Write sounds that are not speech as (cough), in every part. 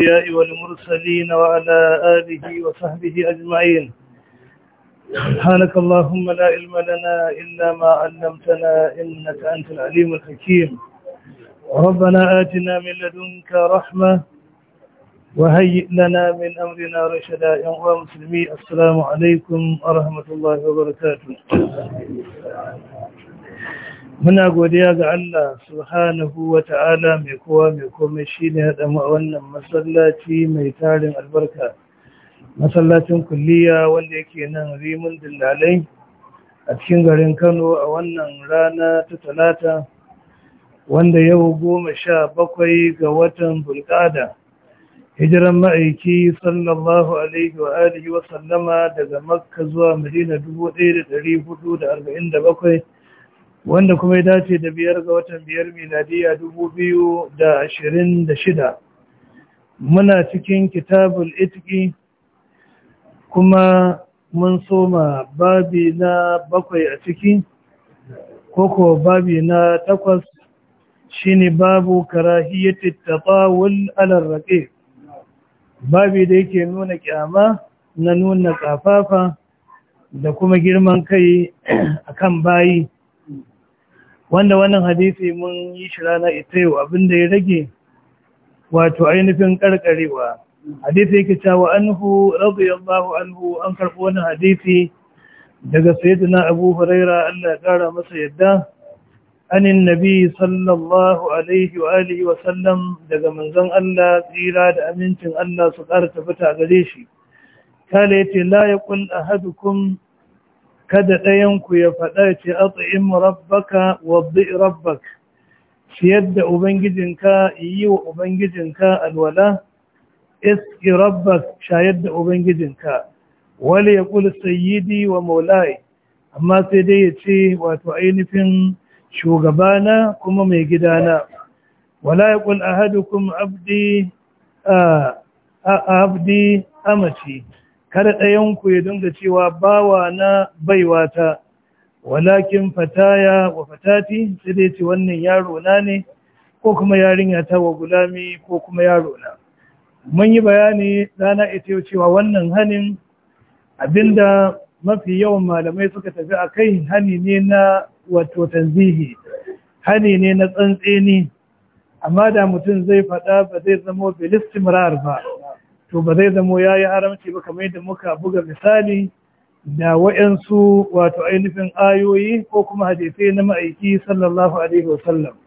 الأنبياء والمرسلين وعلى آله وصحبه أجمعين سبحانك اللهم لا علم لنا إلا ما علمتنا إنك أنت العليم الحكيم ربنا آتنا من لدنك رحمة وهيئ لنا من أمرنا رشدا يا مسلمي السلام عليكم ورحمة الله وبركاته muna godiya ga Allah subhanahu wa ta'ala mai kowa mai komai shi ne haɗa mu wannan masallaci mai tarin albarka masallacin kulliya wanda yake nan rimin dillalai a cikin garin kano a wannan rana ta talata wanda yau goma sha bakwai ga watan bulkada hijiran ma'aiki sallallahu alaihi wa alihi wa sallama daga makka zuwa madina bakwai. wanda kuma ya dace da biyar ga watan biyar miladiya dubu biyu da ashirin da shida muna cikin kitabul itiki kuma mun soma babi na bakwai a ciki koko babi na takwas shine babu karahiyyati tatawul alal babi da yake nuna kyama na nuna kafafa da kuma girman kai akan bayi wanda wannan hadisi mun yi shi rana ita yau abinda ya rage wato ainihin karkarewa hadisi yake cewa anhu radiyallahu anhu an karbo wannan hadisi daga sayyidina Abu Huraira Allah ya kara masa yadda anin nabi sallallahu alaihi wa alihi wa sallam daga manzon Allah tsira da amincin Allah su kara a gare shi kale yace la yaqul ahadukum kada ɗayanku ya faɗa ce a at'im rabbaka waddi rabbaka ciyar da ubangijinka yi wa ubangijinka alwala iski rabbak shayar da ubangijinka wale ya ƙul Sayidi wa maulai amma sai dai ya ce wato ainihin shugabana kuma mai gidana wala ya kula ahadukum abdi abdi amaci kada ɗayan ku ya dinga cewa bawa na baiwa ta, walakin fataya wa fatati sai dai ce wannan yaro na ne ko kuma yarinya ta wa gulami ko kuma yaro na mun yi bayani rana ita yau cewa wannan hanin abinda mafi yawan malamai suka tafi a kai hani ne na wato tanzihi hani ne na tsantseni amma da mutum zai faɗa ba zai zama bilistimrar ba to ba zai zamo ya yi haramci ba kamar yadda muka buga misali da wa'yansu wato ainihin ayoyi ko kuma hadisai na ma'aiki sallallahu alaihi wasallam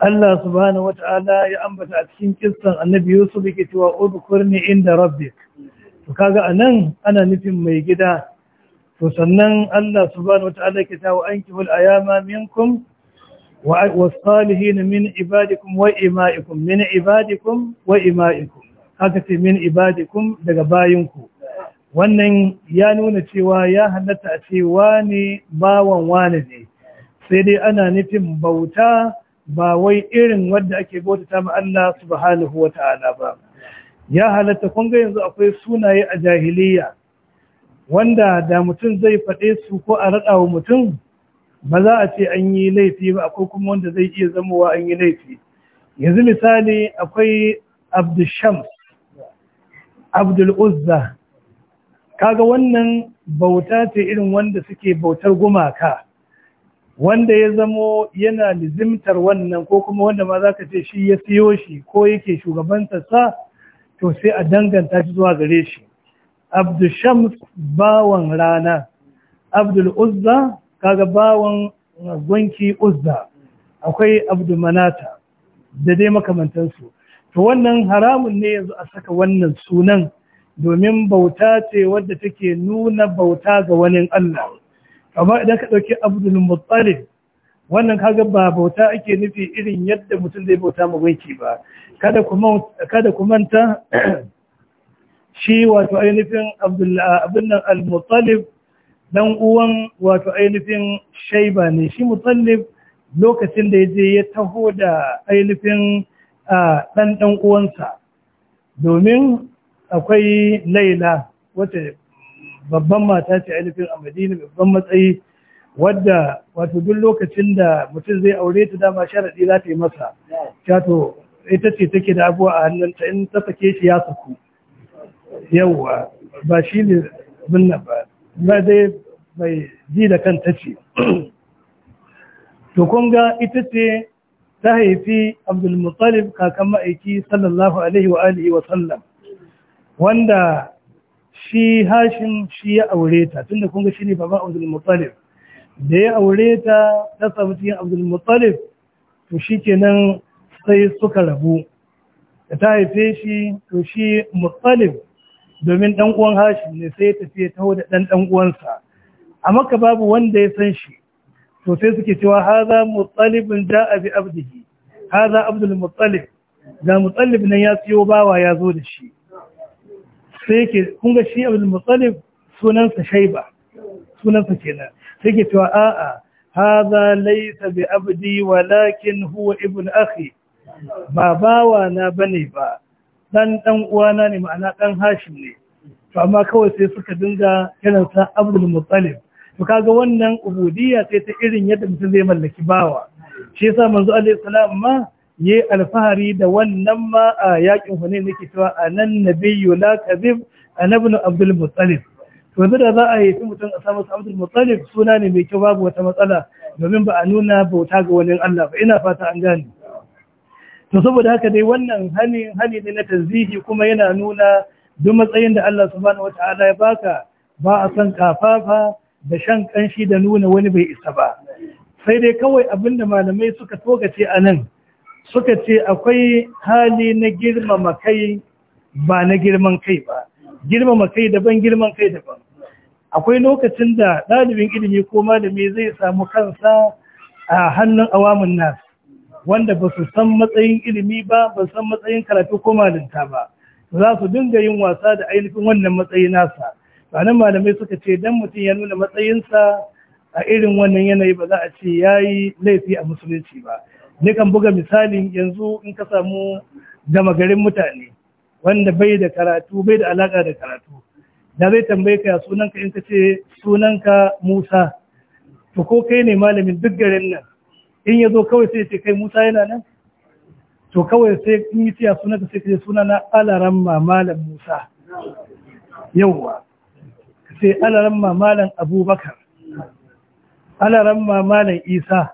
Allah subhanahu wata'ala ya ambata a cikin kissan annabi Yusuf yake cewa udkurni inda rabbik to kaga anan ana nufin mai gida to sannan Allah subhanahu wata'ala ke tawo ankihul ayama minkum wa wasalihin min ibadikum wa imaikum min ibadikum wa imaikum aka ce min ibadikum daga bayinku wannan ya nuna cewa ya halatta a ce wani bawan wani ne sai dai ana nufin bauta ba wai irin wadda ake bautata ma Allah subhanahu wa ta'ala ba ya halatta kun ga yanzu akwai sunaye a jahiliya wanda da mutum zai faɗe su ko a raɗa wa mutum ba za a ce an yi laifi ba akwai kuma wanda zai iya zamowa an yi laifi yanzu misali akwai abdushams abdul uzza kaga wannan bauta ce irin wanda suke bautar gumaka wanda ya zamo yana lizimtar wannan ko kuma wanda ma zaka ce shi ya siyo shi ko yake shugaban sa to sai a danganta shi zuwa gare shi abdul shams bawan rana abdul uzza kaga bawan gwanki uzza akwai abdul manata da dai makamantansu to wannan haramun ne yanzu a saka wannan sunan domin bauta ce wadda take nuna bauta ga wani Allah amma idan ka ɗauki abdul muttalib wannan kaga ba bauta ake nufi irin yadda mutum zai bauta ma ba kada ku manta (clears throat) shi wato ainihin abdullah al-muttalib dan uwan wato ainihin shaiba ne shi Muttalib lokacin da yaje ya taho da ainihin ɗan ɗan uwansa domin akwai laila wata babban mata ce ainihin a madina babban matsayi wadda wato duk lokacin da mutum zai aure ta dama sharaɗi za ta yi masa cato ita ce take da abuwa a hannunta in ta sake shi ya saku yawwa ba shi ne binna ba ba dai bai ji da kanta ce to kun ga ita ce ta haifi abdulmutsalib kakan ma'aiki sallallahu alaihi wa alihi wa sallam wanda shi hashin shi ya aure ta tunda kun ga shi ne baban abdulmutsalib da ya aure ta ta samu cikin abdulmutsalib to shi kenan sai suka rabu da ta haife shi to shi mutsalib domin ɗan'uwan uwan hashin ne sai ya tafi ya taho da ɗan ɗan uwansa a maka babu wanda ya san shi to sai suke cewa haza muttalibun ja'a bi abdihi haza abdul muttalib "Da muttalib nan ya siyo bawa ya zo da shi sai ke, kun ga shi abdul muttalib sunansa shaiba sunansa kenan sai yake cewa a'a haza laysa bi abdi walakin huwa ibn akhi ba bawa na bane ba dan dan uwana ne ma'ana dan hashim ne to amma kawai sai suka dinga kiransa abdul muttalib to kaga wannan ubudiyya sai ta irin yadda mutum zai mallaki bawa shi yasa manzo alaihi salam ma ye alfahari da wannan ma a yakin hunain nake cewa anan nabiyyu la kadhib anabnu abdul muttalib to da za a yi mutum a samu abdul muttalib suna ne mai kyau babu wata matsala domin ba a nuna bauta ga wani Allah ba ina fata an gane to saboda haka dai wannan hani hani ne na tanzihi kuma yana nuna duk matsayin da Allah subhanahu wata'ala ya baka ba a san kafafa da shan kanshi da nuna wani bai isa ba sai dai kawai abinda malamai suka ce a nan suka ce akwai hali na girmama kai ba na girman kai ba girmama kai daban girman kai daban akwai lokacin da ɗalibin ilimi ko malami zai samu kansa a hannun awamin nas wanda ba su san matsayin ilimi ba ba san matsayin karatu ko malinta ba za su dinga yin wasa da ainihin wannan matsayi nasa ranar malamai suka ce dan mutum ya nuna matsayinsa a irin wannan yanayi ba za a ce ya yi laifi a musulunci ba kan buga misalin yanzu in ka samu gama garin mutane wanda bai da karatu bai da alaka da karatu da zai tambaye ka sunanka in ka ce sunanka musa to ko kai ne malamin duk garin nan in ya zo kawai sai ce kai musa yana nan to kawai sai in yi tiya sunanka sai ka ce sunana alaramma malam musa yauwa sai alaran mamalan abubakar alaran mamalan isa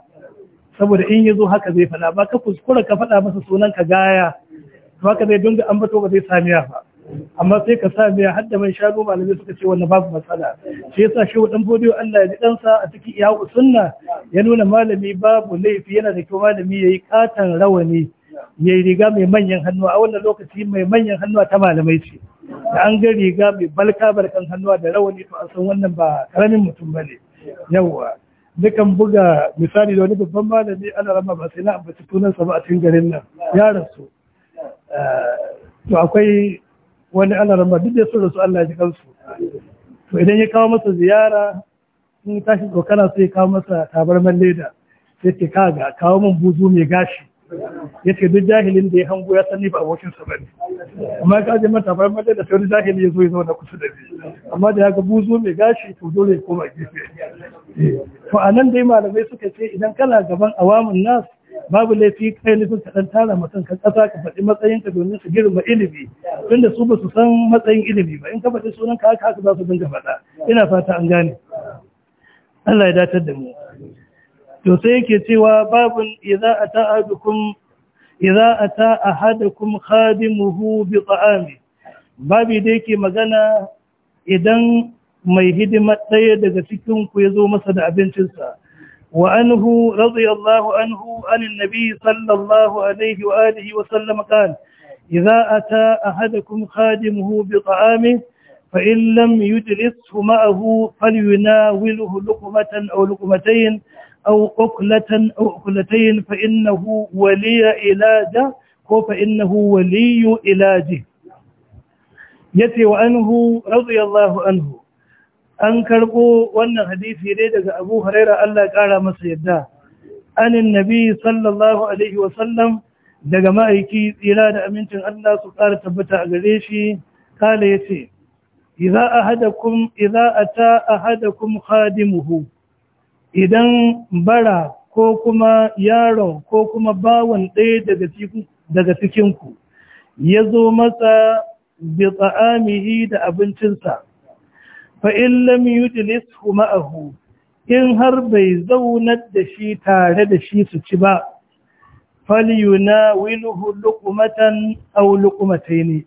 saboda in yi zo haka zai faɗa ba ka kuskura ka faɗa masa sunan ka gaya to haka zai dinga an bato ba zai samiya ba amma sai ka sa miya har da man shanu malamai suka ce wannan babu matsala shi yasa shi dan bodiyo Allah ya ji ɗansa a cikin iyawu sunna ya nuna malami babu laifi yana da kyau malami ya yi katon rawani yi riga mai manyan hannu a wannan lokaci mai manyan hannu ta malamai ce da an ga riga mai balka barkan hannuwa da rawani to an san wannan ba karamin mutum ba ne yawwa dukan buga misali da wani babban malami ana rama ba sai na ambaci sa ba a cikin garin nan ya rasu eh, to akwai wani ana rama duk da sun rasu Allah ya ji kansu to idan ya kawo masa ziyara in tashi tsokana sai ya kawo masa tabarman leda sai ke kaga kawo min buzu mai gashi ya ce duk jahilin da ya hango ya sani ba abokin sa bane amma ka je mata bayan mata da sai wani jahili ya zo ya zauna kusa da ni amma da ga buzo mai gashi to dole ya koma gefe eh, to a nan dai malamai suka ce idan kana gaban awamun nas babu laifi kai nufin ka dan tara mutum ka kasa ka faɗi matsayin ka domin su girma ilimi tunda su ba su san matsayin ilimi ba in ka faɗi sunan ka haka haka za su dinga faɗa ina fata an gane Allah ya datar da mu to sai yake cewa babun idza ata ahadukum idza ata ahadukum khadimuhu bi ta'ami babu da yake magana idan mai hidima ɗaya daga cikin ku yazo masa da sa, wa anhu radiyallahu anhu anin nabi sallallahu alaihi wa alihi wa sallam qala إذا أتى أحدكم خادمه بطعامه فإن لم يجلسه معه فليناوله لقمة أو لقمتين أو أكلة أو أكلتين فإنه ولي علاجه ko fa innahu waliyu ilaji yace wa anhu radiyallahu anhu an karɓo wannan hadisi ne daga Abu Huraira Allah ya kara masa yadda anin nabi sallallahu alaihi wa sallam daga ma'aiki tsira da amincin Allah su kara tabbata a gare shi kale yace idza ahadakum idza ata ahadakum khadimuhu idan bara ko kuma yaron ko kuma bawan ɗaya daga cikinku ya zo masa bi tsa'amihi da abincinsa fa'in lam kuma ahu in har bai zaunar da shi tare da shi su ci ba faliyuna wiluhu lukumatan au lukumatai ne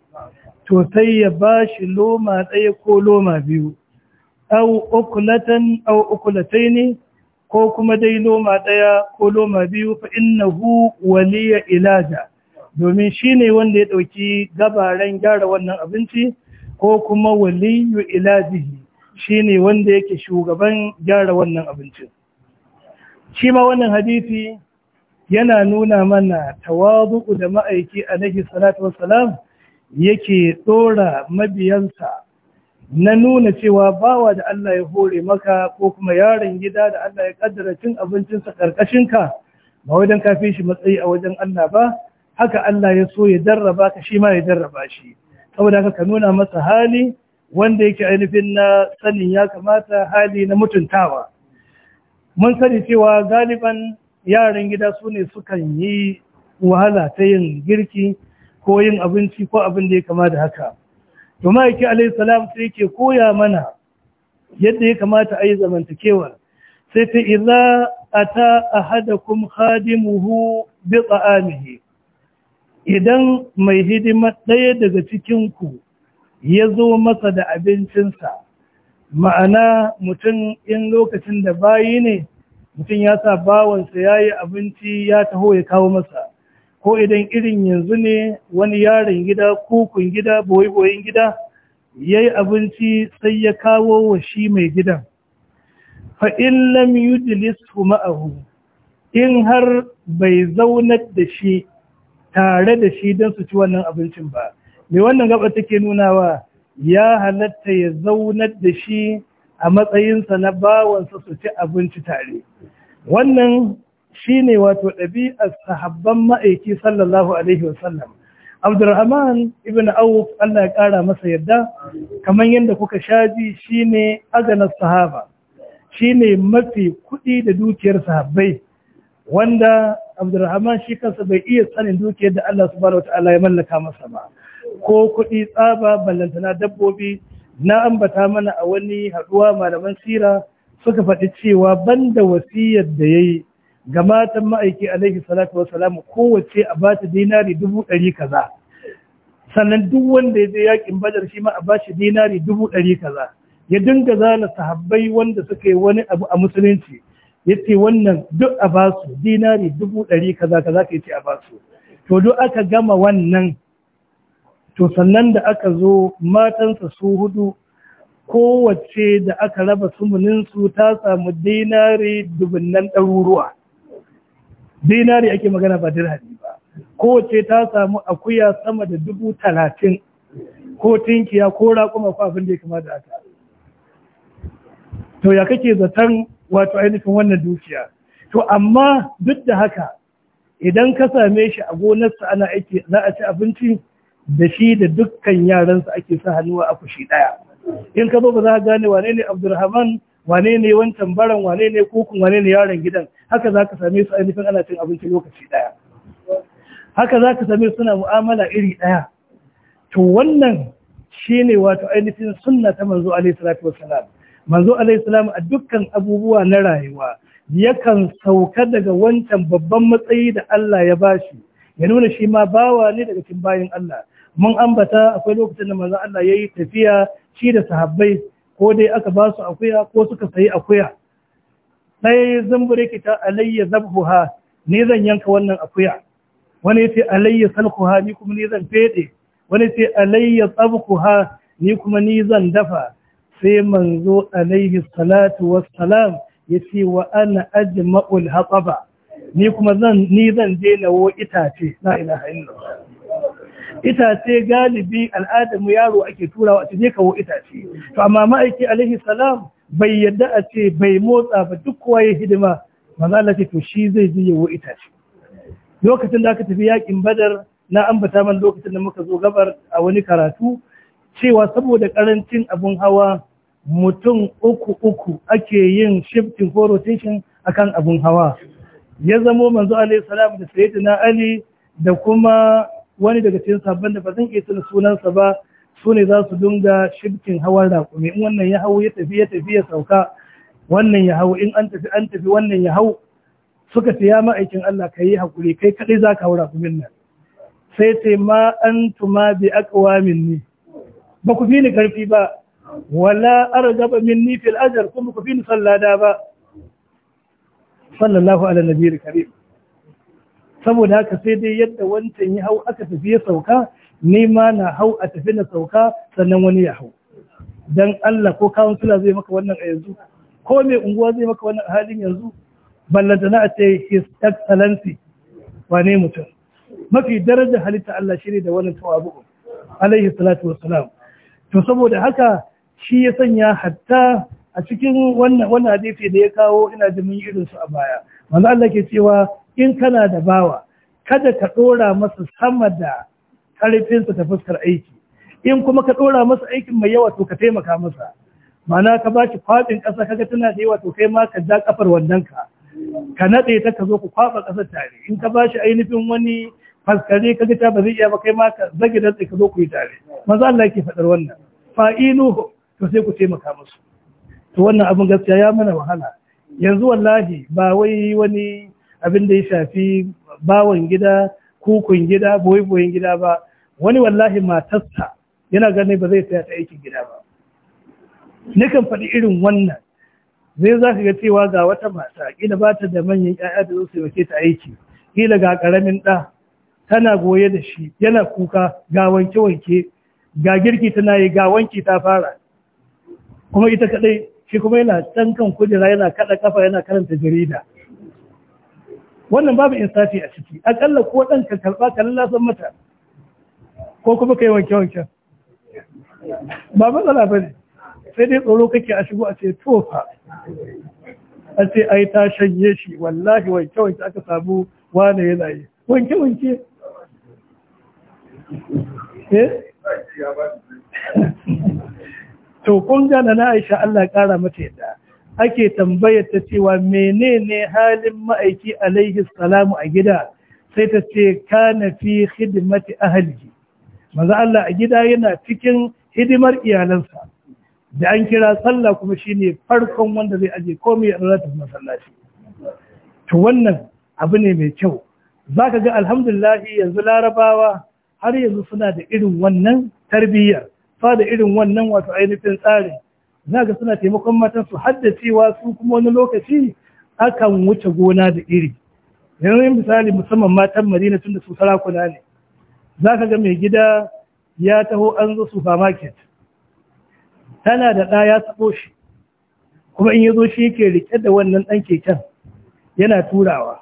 to sai ya ba shi loma ɗaya ko loma biyu au ukulatan au ukulatai ne ko kuma dai noma ɗaya ko noma biyu fa innahu waliya ilaja domin shi ne wanda ya ɗauki gabaran gyara wannan abinci ko kuma waliyu ilajihi ne wanda yake shugaban gyara wannan abincin shi ma wannan hadisi yana nuna mana tawadu da ma'aiki alaihi salatu wasalam yake tsora mabiyansa na nuna cewa bawa da Allah ya hore maka ko kuma yaron gida da Allah ya kaddara cin abincinsa ka, ba wajen kafi shi matsayi a wajen Allah ba haka Allah ya so ya jarraba ka shi ma ya jarraba shi saboda haka ka nuna masa hali wanda yake ainihin na sanin ya kamata hali na mutuntawa mun sani cewa galiban yaran gida sune ne sukan yi wahala ta yin girki ko yin abinci ko abin da ya kama da haka to ma'aiki alayhi salam sai yake koya mana yadda ya kamata a yi zamantakewa sai ta iza a ta ahadakum khadimuhu bi tsa'amihi idan mai hidima ɗaya daga cikinku ya zo masa da abincinsa ma'ana mutum in lokacin da bayi ne mutum ya sa bawansa ya yi abinci ya taho ya kawo masa ko idan irin yanzu ne wani yaron gida kukun gida boye gida ya yi abinci sai ya kawo wa shi mai gidan fa'in lam yujlis ma'ahu in har bai zaunar da shi tare da shi don su ci wannan abincin ba Me wannan gaba take nunawa ya halatta ya zaunar da shi a matsayinsa na bawansa su ci abinci tare wannan Shi ne wato ɗabi'ar sahabban ma'aiki sallallahu alaihi wasallam Abdurrahman ibn Auf Allah ya ƙara masa yadda kamar yadda kuka shaji ne aganar sahaba Shi ne mafi kuɗi da dukiyar sahabbai wanda Abdurrahman shi kansa bai iya tsanin dukiyar da Allah subhanahu ya mallaka masa ba ko kuɗi tsaba ballantana dabbobi na ambata mana a wani haɗuwa malaman sira suka faɗi cewa banda wasiyar da ya yi. ga matan ma'aiki alaihi salatu wa salamu kowace a bata dinari dubu ɗari kaza sannan duk wanda ya je yakin badar shi ma a bashi dinari dubu ɗari kaza ya dinga zana sahabbai wanda suka yi wani abu a musulunci ya ce wannan duk a basu dinari dubu ɗari kaza kaza ka ce a basu to duk aka gama wannan to sannan da aka zo matansa su hudu kowace da aka raba sumuninsu ta samu dinari dubunnan ɗaruruwa dinari ake magana ba dirhami ba kowace ta samu akuya sama da dubu talatin ko tinkiya ko raƙuma ko abin da ya kama da aka to ya kake zaton wato ainihin wannan dukiya to amma duk da haka idan ka same shi a gonarsa ana aiki za a ci abinci da shi da dukkan yaransa ake sa hannuwa a kushi daya in ka zo ba za ka gane wane ne abdulrahman wane ne wancan baran wane ne kukun wane ne yaron gidan haka za ka same su ainihin ana cin abinci lokaci ɗaya haka za ka same suna mu'amala iri ɗaya to wannan shi ne wato ainihin sunna ta manzo alaihi salatu manzo alaihi salam a dukkan abubuwa na rayuwa yakan sauka daga wancan babban matsayi da Allah ya bashi ya nuna shi ma bawa ne daga cikin bayin Allah mun ambata akwai lokacin da manzo Allah ya yi tafiya shi da sahabbai ko dai aka ba su akuya ko suka sayi akuya ɗaya ki ta alayya zabhuha ne zan yanka wannan akuya wani ce alayya salkuha ni kuma ni zan fede wani ce alayya tsabkuha ni kuma ni zan dafa sai manzo alayhi salatu wassalam ya ce wa ana ajma'ul hatsaba ni kuma zan ni zan je na wo itace la ilaha illallah itace galibi al'adamu yaro ake turawa a je ka wo itace to amma ma'aiki alaihi salam bai yadda a ce bai motsa ba duk kowa ya hidima ba za a to shi zai je yawo ce. lokacin da aka tafi yakin badar na ambata man lokacin da muka zo gabar a wani karatu cewa saboda karancin abun hawa mutum uku uku ake yin shifting ko rotation akan abun hawa ya zamo manzo alaihi salam da sayyidina ali da kuma wani daga cikin sabban da ba zan iya sunansa ba su ne za su dunga shirkin hawan raƙumi in wannan ya hau ya tafi ya tafi ya sauka wannan ya hau in an tafi an tafi wannan ya hau suka ce ya ma'aikin Allah ka yi haƙuri kai kaɗai za ka hau raƙumin nan sai ce ma an tuma bi min ni. ba ku fi ni karfi ba wala argaba ni fil ajr kuma ku fi ni sallada ba sallallahu ala da karim saboda haka sai dai yadda wancan ya hau aka tafi ya sauka ni ma na hau a tafi na sauka sannan wani ya hau Don Allah ko kansila zai maka wannan a yanzu ko mai unguwa zai maka wannan a halin yanzu ballanta na a ce his excellency wane mutum mafi daraja halitta Allah shi ne da wannan tawabu alaihi salatu wassalam to saboda haka shi ya sanya hatta a cikin wannan hadisi da ya kawo ina da mun irin su a baya manzo Allah ke cewa in kana da bawa kada ka dora masa sama da karfinsa ta fuskar aiki in kuma ka ɗora masa aikin mai yawa to ka taimaka masa mana ka ba shi kwaɓin ƙasa kaga tana da yawa to kai ma ka ja ƙafar wannan ka ka naɗe ta ka zo ku kwaɓa ƙasar tare in ka ba shi ainihin wani faskare kaga ta ba zai iya ba kai ma ka zage dantse ka zo ku yi tare maza Allah yake faɗar wannan Fa'inu! to sai ku taimaka musu to wannan abin gaskiya ya mana wahala yanzu wallahi ba wai wani abin da ya shafi bawan gida kukun gida boye-boyen gida ba wani wallahi matarsa yana ganin ba zai saya ta aikin gida ba nakan faɗi irin wannan zai za ka ga cewa ga wata mata ƙila ba ta da manyan 'ya'ya da su wake ta aiki ƙila ga ƙaramin ɗa tana goye da shi yana kuka ga wanke-wanke ga girki tana yi ga wanki ta fara kuma ita kaɗai shi kuma yana can kan kujera yana kaɗa kafa yana karanta jarida wannan babu insafi a ciki akalla ko ɗan ka karɓa ka lallasan mata ko kuma kai wanke wanke ba matsala ba ne sai dai tsoro kake a shigo a ce tofa a ce ai ta shanye shi wallahi wanke wanke aka samu wane yana yi wanke wanke eh? (laughs) to kun gana na aisha Allah kara mata yadda ake tambayar ta cewa menene halin ma'aiki alaihi salamu a gida sai ta ce kana fi khidmati ahlihi Maza Allah a gida yana cikin hidimar iyalansa da an kira sallah kuma shi ne farkon wanda zai aje komai a ranar masallaci to wannan abu ne mai kyau Za ka ga alhamdulillah yanzu larabawa har yanzu suna da irin wannan tarbiyyar fa da irin wannan wato ainihin tsarin ga suna taimakon matan su cewa su kuma wani lokaci akan wuce gona da iri yanzu misali musamman matan Madina tun da su sarakuna ne za ka ga mai gida ya taho an zo supermarket tana da ɗa ya taɓo shi kuma in ya zo shi yake rike da wannan ɗan keken yana turawa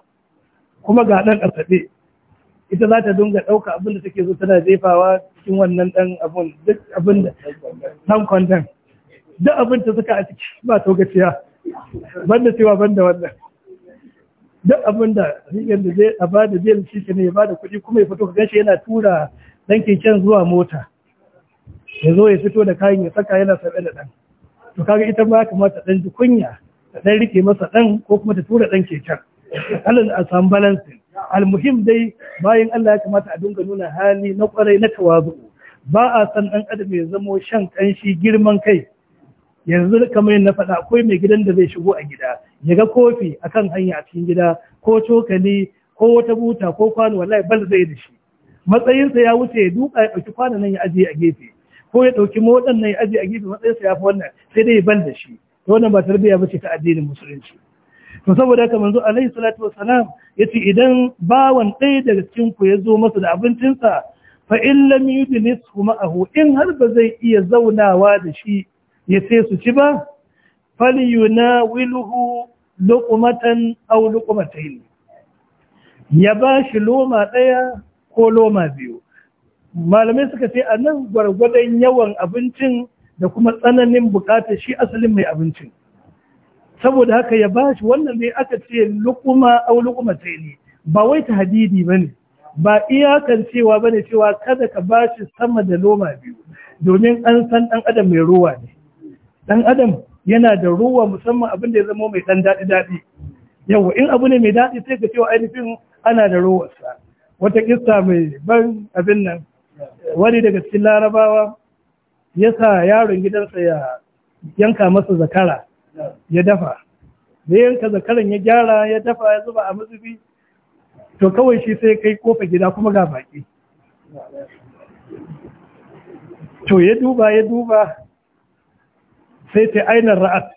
kuma ga ɗan asabe ita za ta dunga ɗauka abin da take zo tana jefawa cikin wannan ɗan abin duk abin da ɗan kwandon duk abin ta suka a ciki ba togaciya banda cewa banda wannan duk abin da yadda zai a ba da biyan shi ne ya ba da kuɗi kuma ya fito ka gashi yana tura ɗan keken zuwa mota ya zo ya fito da kayan ya saka yana saɓe da ɗan to kaga ita ma kamata ɗan ji kunya ta ɗan rike masa ɗan ko kuma ta tura ɗan keken alal a samu balansin almuhim dai bayan Allah ya kamata a dinga nuna hali na kwarai na tawazu ba a san ɗan adam ya zamo shan ƙanshi girman kai yanzu kamar na faɗa akwai mai gidan da zai shigo a gida ya ga kofi a kan hanya a cikin gida ko cokali ko wata buta ko kwano wallahi bal zai da shi matsayinsa ya wuce ya duka ya ɗauki kwanon nan ya ajiye a gefe ko ya ɗauki moɗan nan ya ajiye a gefe matsayinsa ya fi wannan sai dai bal da shi wannan ba tarbiyya ba ce ta addinin musulunci to saboda haka manzo alaihi salatu ya yace idan bawan ɗaya daga cikinku ya zo masa da abincinsa fa in lam yudnis ma'ahu in har ba zai iya zaunawa da shi ya ce su ci ba falyunawiluhu luqmatan aw luqmatayn ya bashi loma daya ko loma biyu malamai suka ce anan gwargwadon yawan abincin da kuma tsananin bukatar shi asalin mai abincin saboda haka ya bashi wannan ne aka ce luqma aw luqmatayn ba wai tahdidi bane ba iyakan cewa bane cewa kada ka bashi sama da loma biyu domin an san dan adam mai ruwa ne dan adam yana da ruwa musamman abin da ya zama mai dan daɗi daɗi yawa in abu ne mai daɗi sai ka cewa ainihin ana da ruwarsa wata kista mai ban abin nan wani daga cikin larabawa ya sa yaron gidansa ya yanka masa zakara ya dafa da yanka zakaran ya gyara ya dafa ya zuba a mazubi to kawai shi sai kai kofa gida kuma ga baki to ya duba ya duba sai ta aina ra'at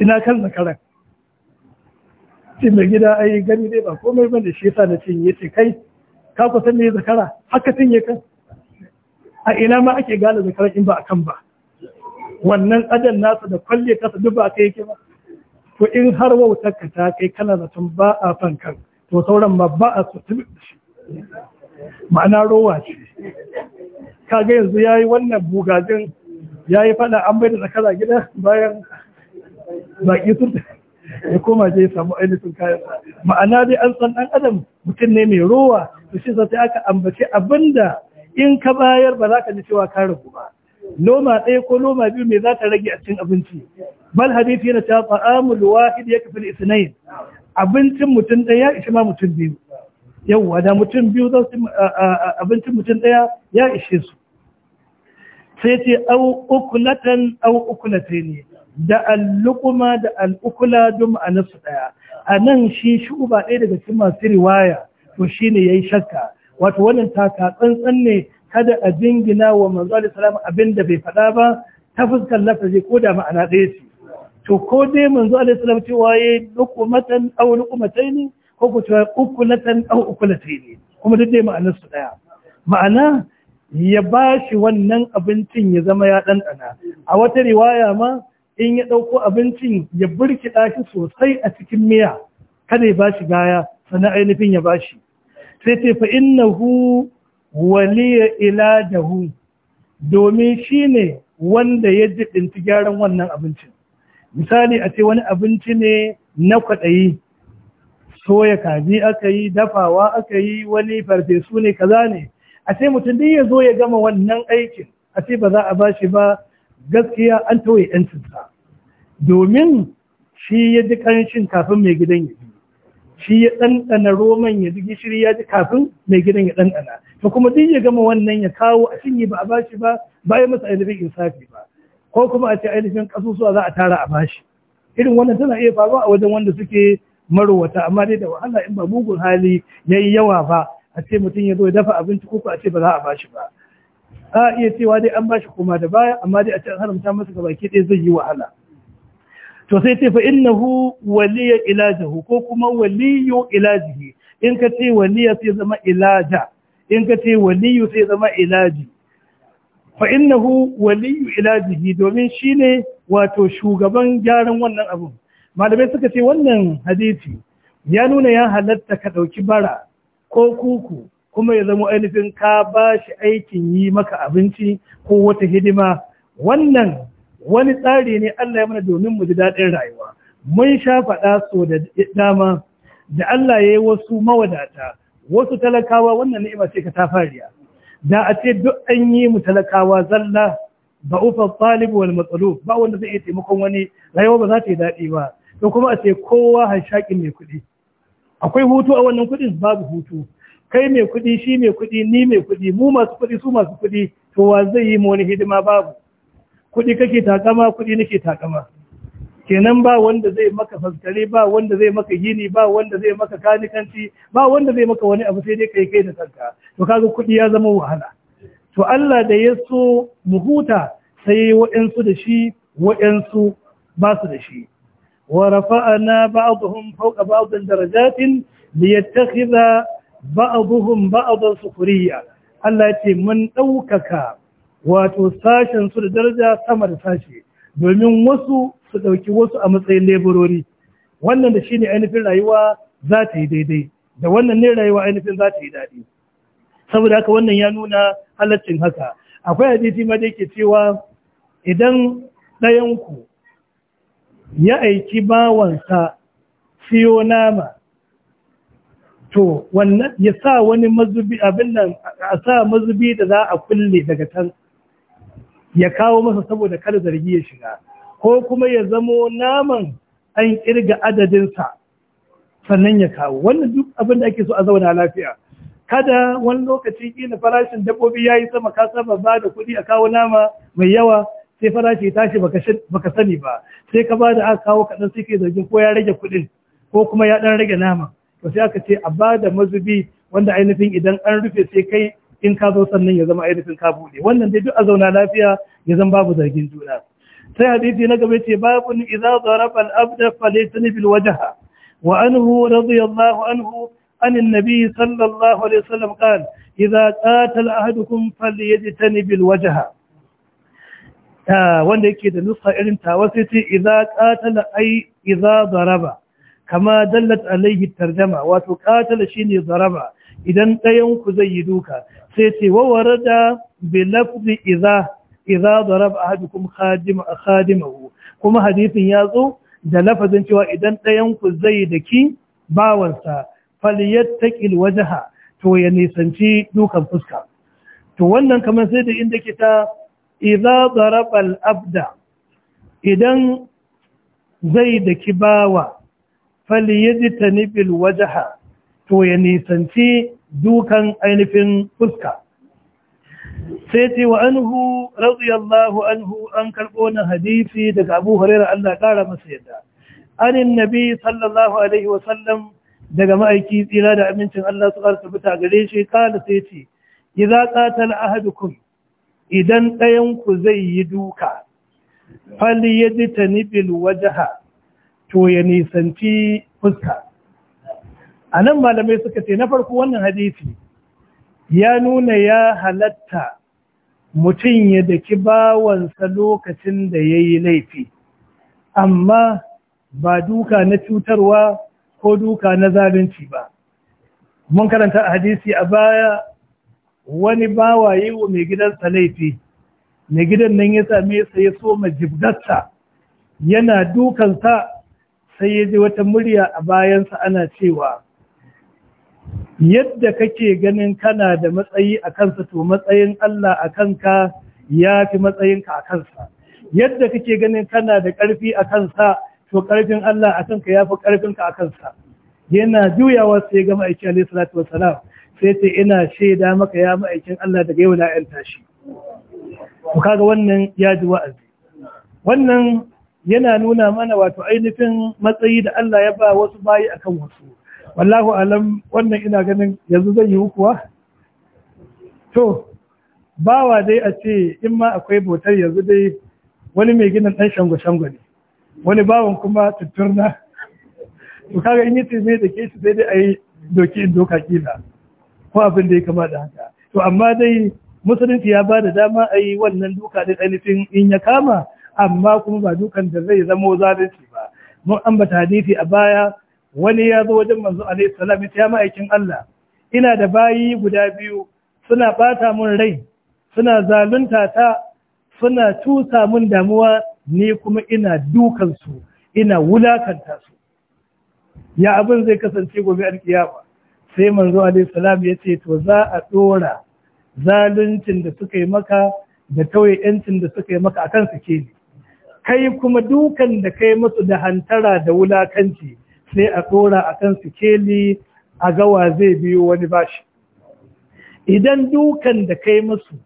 ina kan zakaran ce mai gida a yi gani dai ba komai bane shi yasa na cinye ce kai ka ku san zakara haka cinye kan a ina ma ake gane zakara in ba akan ba wannan adan nasa da kwalle kasa duk ba kai yake ba to in har wautar ka ta kai kana da tun ba a fan kan to sauran ma ba a da shi ma'ana rowa ce kaga yanzu yayi wannan bugajin ya yi fada an bai da zakara gida bayan baki sun ya koma je samu ainihin kayan ma'ana dai an san ɗan adam mutum ne mai rowa to shi sai aka ambace abinda in ka bayar ba za ka ji cewa ka rabu ba noma ɗaya ko noma biyu mai za ta rage a cikin abinci bal hadithi yana cewa ta'amul wahid ya kafil isnayn abincin mutum ɗaya ya ishi ma mutum biyu yawwa da mutum biyu za su abincin mutum ɗaya ya ishe su sai ce au ukulatan au ne da al'ukuma da al'ukula don ma'anarsu ɗaya a nan shi shuba ɗaya daga cikin masu riwaya to shi ne ya yi shakka wato wannan taka tsantsan ne kada a jingina wa manzo alisalam abin da bai faɗa ba ta fuskar lafazi ko da ma'ana ɗaya ce to ko dai manzo alisalam cewa ya yi lukumatan au lukumatai ne ko ku cewa ukulatan au ukulatai ne kuma duk dai ma'anarsu ɗaya ma'ana ya ba shi wannan abincin ya zama ya ɗanɗana a wata riwaya ma in ya ɗauko abincin ya burki shi sosai a cikin miya kada ya ba shi gaya sannan ainihin ya ba shi sai ce fa innahu waliya ila da hu, domin shi ne wanda ya jibinci gyaran wannan abincin misali a ce wani abinci ne na kwaɗayi soya kaji aka yi dafawa aka yi wani farfesu ne kaza ne a sai mutum duk ya zo ya gama wannan aikin a sai ba za a ba shi ba gaskiya an tawaye yancinsa domin shi ya ji ƙanshin kafin mai gidan ya ji shi ya ɗanɗana roman ya ji gishiri ya ji kafin mai gidan ya ɗanɗana to kuma duk ya gama wannan ya kawo a cinye ba a ba shi ba ba bayan masa ainihin insafi ba ko kuma a ce ainihin ƙasusuwa za a tara a ba shi. irin wannan tana iya faruwa a wajen wanda suke marowata amma dai da wahala in ba mugun hali ya yi yawa ba a ce mutum ya zo ya dafa abinci ko a ce ba za a bashi ba a iya cewa dai an bashi koma da baya amma dai a can haramta masa gabaki ɗaya zai yi wahala to sai ce fa innahu waliya ilajahu ko kuma waliyu ilajihi in ka ce waliya sai zama ilaja in ka ce waliyu sai zama ilaji fa innahu waliyu ilajihi domin shine wato shugaban gyaran wannan abun malamai suka ce wannan hadisi ya nuna ya halatta ka ɗauki bara ko kuku kuma ya zama ainihin ka ba shi aikin yi maka abinci ko wata hidima wannan wani tsari ne Allah ya mana domin mu ji daɗin rayuwa mun sha faɗa so da dama da Allah ya yi wasu mawadata wasu talakawa wannan ni'ima ce ka ta fariya da a ce duk an yi mu talakawa zalla ba ufa talibu wal matsalu ba wanda zai iya taimakon wani rayuwa ba za ta yi daɗi ba to kuma a ce kowa hanshakin mai kuɗi akwai hutu a wannan kuɗin babu hutu kai mai kuɗi shi mai kuɗi ni mai kuɗi mu masu kuɗi su masu kuɗi to wa zai yi wani hidima babu kuɗi kake takama kuɗi nake takama kenan ba wanda zai maka faskare ba wanda zai maka gini ba wanda zai maka kanikanci ba wanda zai maka wani abu sai dai kai kai da kanka to kaga kuɗi ya zama wahala to Allah da ya so mu huta sai wa'ansu da shi wa'ansu ba su da shi ورفعنا بعضهم فوق بعض درجات ba'a بعضهم بعضا سخرية Allah ya ce mun ɗaukaka wato sashen su da daraja sama da sashe domin wasu su ɗauki wasu a matsayin leburori wannan da shi ne ainihin rayuwa za ta yi daidai da wannan ne rayuwa ainihin za ta yi daɗi saboda haka wannan ya nuna halaccin haka akwai hadisi ma cewa idan ɗayanku ya aiki bawansa siyo nama to wannan ya sa wani mazubi abin nan a sa mazubi da za a kulle daga can ya kawo masa saboda kada zargi ya shiga ko kuma ya zamo naman an kirga adadinsa sannan ya kawo wannan duk abin da ake so a zauna lafiya kada wani lokaci ƙina farashin dabbobi yayi sama ka saba ba da kuɗi a kawo nama mai yawa sai farashi tashi baka sani ba sai ka ba da aka kawo kaɗan sai ka zargin ko ya rage kuɗin ko kuma ya ɗan rage nama to sai aka ce a ba da mazubi wanda ainihin idan an rufe sai kai in ka zo sannan ya zama ainihin ka buɗe wannan dai duk a zauna lafiya ya zama babu zargin juna sai hadisi na gaba ce babu idza zaraba al-abda falaytani bil wajha wa anhu radiyallahu anhu an an-nabi sallallahu alaihi wasallam qala idza qatala ahadukum falyajtani bil wajha Ah, wanda yake da nusa irin tawa sai ce idza qatala ai idza daraba kama dallat alaihi Tardama wato qatala shine daraba idan ɗayanku ku zai yi duka sai ce wa warada bi lafzi idza idza daraba ahadukum khadima khadimahu kuma hadisin ya zo da lafazin cewa idan ɗayanku ku zai daki bawansa falyattaqil wajha to ya nisanci dukan fuska to wannan kamar sai da inda kita Iza daraba abda idan zai da kibawa ta bil wajaha to ya nisanci dukan ainihin fuska sai ce wa anhu radiyallahu anhu an karbo na hadisi daga Abu Hurairah Allah kara masa yadda anin nabi sallallahu alaihi wa sallam daga ma'aiki tsira da amincin Allah su karta gare shi kala sai ce idza qatala ahadukum idan ɗayanku zai yi duka fali ya ji ta nibil wajaha to ya nisanci fuska a nan malamai suka ce na farko wannan hadisi ya nuna ya halatta mutum ya daki bawansa lokacin da ya yi laifi amma ba duka na cutarwa ko duka na zalunci ba mun karanta a hadisi a baya wani bawa yi wa mai gidansa laifi mai gidan nan ya same sa ya so ma jibdarsa yana dukansa sai ya ji wata murya a bayansa ana cewa yadda kake ganin kana da matsayi a kansa to matsayin Allah a kanka ya fi matsayinka a kansa yadda kake ganin kana da ƙarfi a kansa to ƙarfin Allah a kanka ya fi ƙarfinka a kansa yana juyawa sai ya gama aiki alaihi salatu wasalam sai ce ina shaida maka ya ma'aikin Allah daga yau na tashi shi. Ku kaga wannan ya ji wa'azi. Wannan yana nuna mana wato ainihin matsayi da Allah ya ba wasu bayi akan wasu. Wallahu alam wannan ina ganin yanzu zan yi kuwa? To, bawa dai a ce in ma akwai bautar yanzu dai wani mai ginin ɗan shango-shango ne, wani bawan kuma tutturna. Ku kaga in yi tume da ke shi sai dai a yi doki in doka kila. ko abin da ya kama da haka to amma dai musulunci ya ba da dama a yi wannan duka da ainihin in ya kama amma kuma ba dukan da zai zama zalunci ba mun ambata hadisi a baya wani ya zo wajen manzo alaihi salam ya ma'aikin Allah ina da bayi guda biyu suna bata mun rai suna zalunta ta suna tusa mun damuwa ni kuma ina dukansu, ina wulakanta su ya abin zai kasance gobe alkiyama sai manzo alaihi salam ya ce to za a dora zaluncin da suka yi maka da tauye yancin da suka yi maka a kansu ke kai kuma dukan da kai musu da hantara da wulakanci sai a dora akan ke ne a gawa zai biyo wani bashi idan dukan da kai masu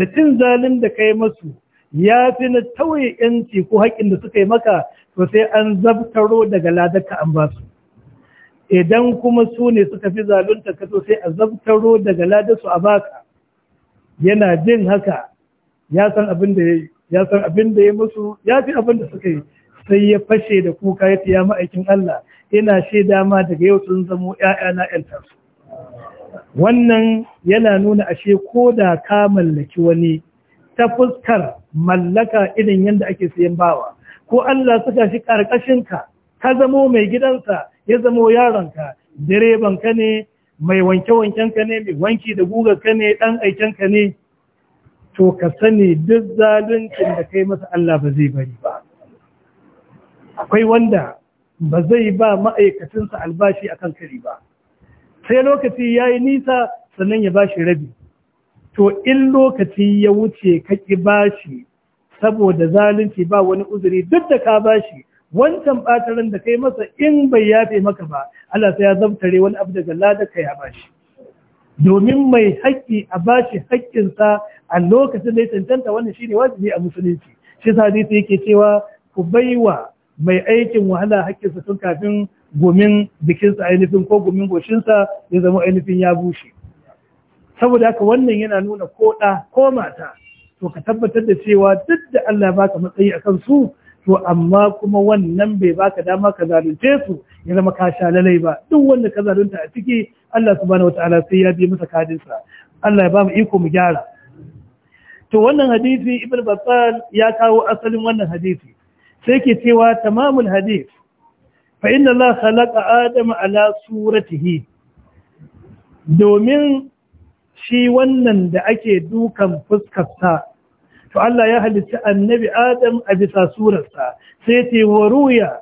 da cin zalin da kai masu ya fi na tauye yanci ko haƙƙin da suka yi maka to sai an zabtaro daga ladarka an basu. idan kuma su ne suka fi zalunta ka sai a zabtaro daga ladarsu a baka yana jin haka ya san abin da ya yi ya san abin da ya musu ya fi abin da suka yi sai ya fashe da kuka ya tiya ma'aikin Allah ina shaida ma daga yau sun zamo ‘ya'yana ‘yantarsu wannan yana nuna ashe ko da ka mallaki wani ta fuskar mallaka irin yadda ake sayan bawa ko Allah suka shi ka, ka zamo mai gidansa ya zamo direban ka ne mai wanke wanken ka ne mai wanki da gugarka ne ɗan aikenka ne to ka sani duk zaluncin da kai masa Allah ba zai bari ba akwai wanda ba zai ba ma'aikacinsa albashi akan kari ba sai lokaci ya yi nisa sannan ya bashi rabi to in lokaci ya wuce ka ƙi bashi saboda zalunci ba wani uzuri duk da ka bashi wancan batarin da kai masa in bai yafe maka ba Allah sai ya zamtare wani abu daga ladaka ya bashi domin mai haƙƙi a bashi haƙƙinsa a lokacin da ya cancanta wannan shine wajibi a musulunci shi sa hadisi yake cewa ku baiwa mai aikin wahala haƙƙinsa tun kafin gomin bikinsa ainihin ko gomin goshinsa ya zama ainihin ya bushe saboda haka wannan yana nuna ko ɗa ko mata to ka tabbatar da cewa duk da Allah baka matsayi akan su to amma kuma wannan bai baka dama ka zalunce su ya zama ka sha lalai ba duk wanda ka zalunta a ciki Allah subhanahu wataala sai ya bi masa kadinsa Allah ya ba mu iko mu gyara to wannan hadisi ibnu battal ya kawo asalin wannan hadisi sai ke cewa tamamul hadis fa inna Allah khalaqa adama ala suratihi domin shi wannan da ake dukan fuskarsa to Allah ya halitta annabi Adam a bisa surarsa sai ce wa ruya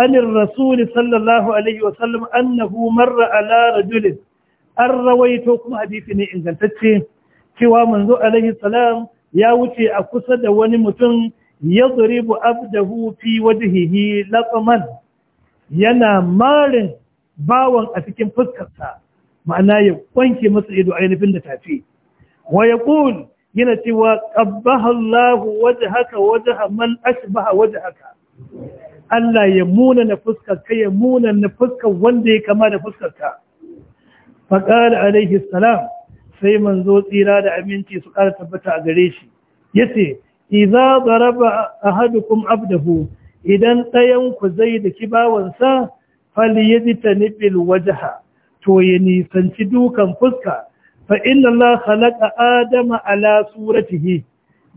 anir rasul sallallahu alaihi wa sallam annahu marra ala rajulin an rawaito kuma hadisi ne ingantacce cewa manzo alaihi salam ya wuce a kusa da wani mutum ya zuribu abdahu fi wajhihi laqman yana marin bawan a cikin fuskarsa ma'ana ya kwanke masa ido ainihin da tafi wa yaqul yana cewa qabbaha Allahu wajhaka wajha man ashbaha haka. Allah ya muna na fuskar ya muna na fuskar wanda ya kama da fuskarka. ka faqala alaihi salam sai manzo tsira da aminci su ƙara tabbata a gare shi yace idza daraba ahadukum abdahu idan ɗayan ku zai da kibawansa fal yajtanibil wajaha, to ya nisanci dukan fuska fa inna Allah Adama ala suratihi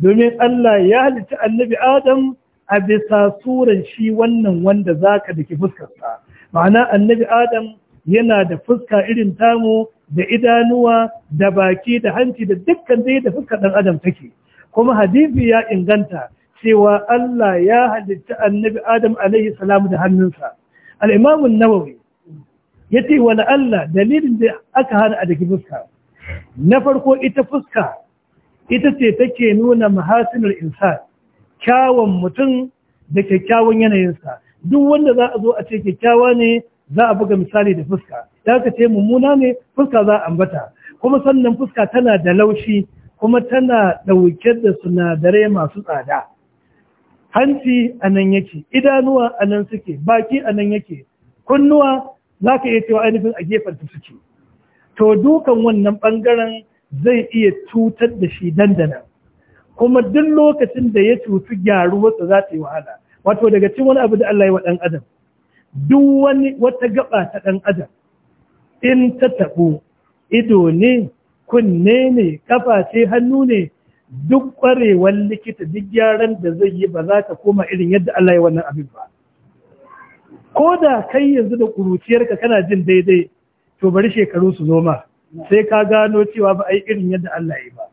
domin Allah ya halitta annabi Adam a bisa suran shi wannan wanda zaka ke fuskarsa ma'ana annabi Adam yana da fuska irin tamu da idanuwa da baki da hanci da dukkan dai da fuskar ɗan Adam take kuma hadisi ya inganta cewa Allah ya halitta annabi Adam alaihi salamu da hannunsa Al'imamin imam ya ce yace Allah dalilin da aka hana a dake fuska na farko ita fuska ita ce take nuna mahasinar Insa kyawun mutum da kyakkyawan yanayinsa duk wanda za a zo a ce kyakkyawa ne za a buga misali da fuska da ka ce mummuna ne fuska za a ambata kuma sannan fuska tana da laushi kuma tana ɗauke da sinadarai masu tsada hanci a nan yake idanuwa a nan suke baki a nan yake kunnuwa za ka iya cewa ainihin a gefen ta suke to dukan wannan ɓangaren zai iya cutar da shi dandana kuma duk lokacin da ya cutu gyaruwarsa za ta yi wahala wato daga cin wani abu da Allah ya wa ɗan adam duk wani wata gaba ta ɗan adam in ta taɓo ido ne kunne ne kafa ce hannu ne duk ƙwarewar likita duk gyaran da zai yi ba za ta koma irin yadda Allah ya wannan abin ba ko da kai yanzu da ƙuruciyarka kana jin daidai to bari shekaru su zo ma sai ka gano cewa ba a yi irin yadda Allah ya ba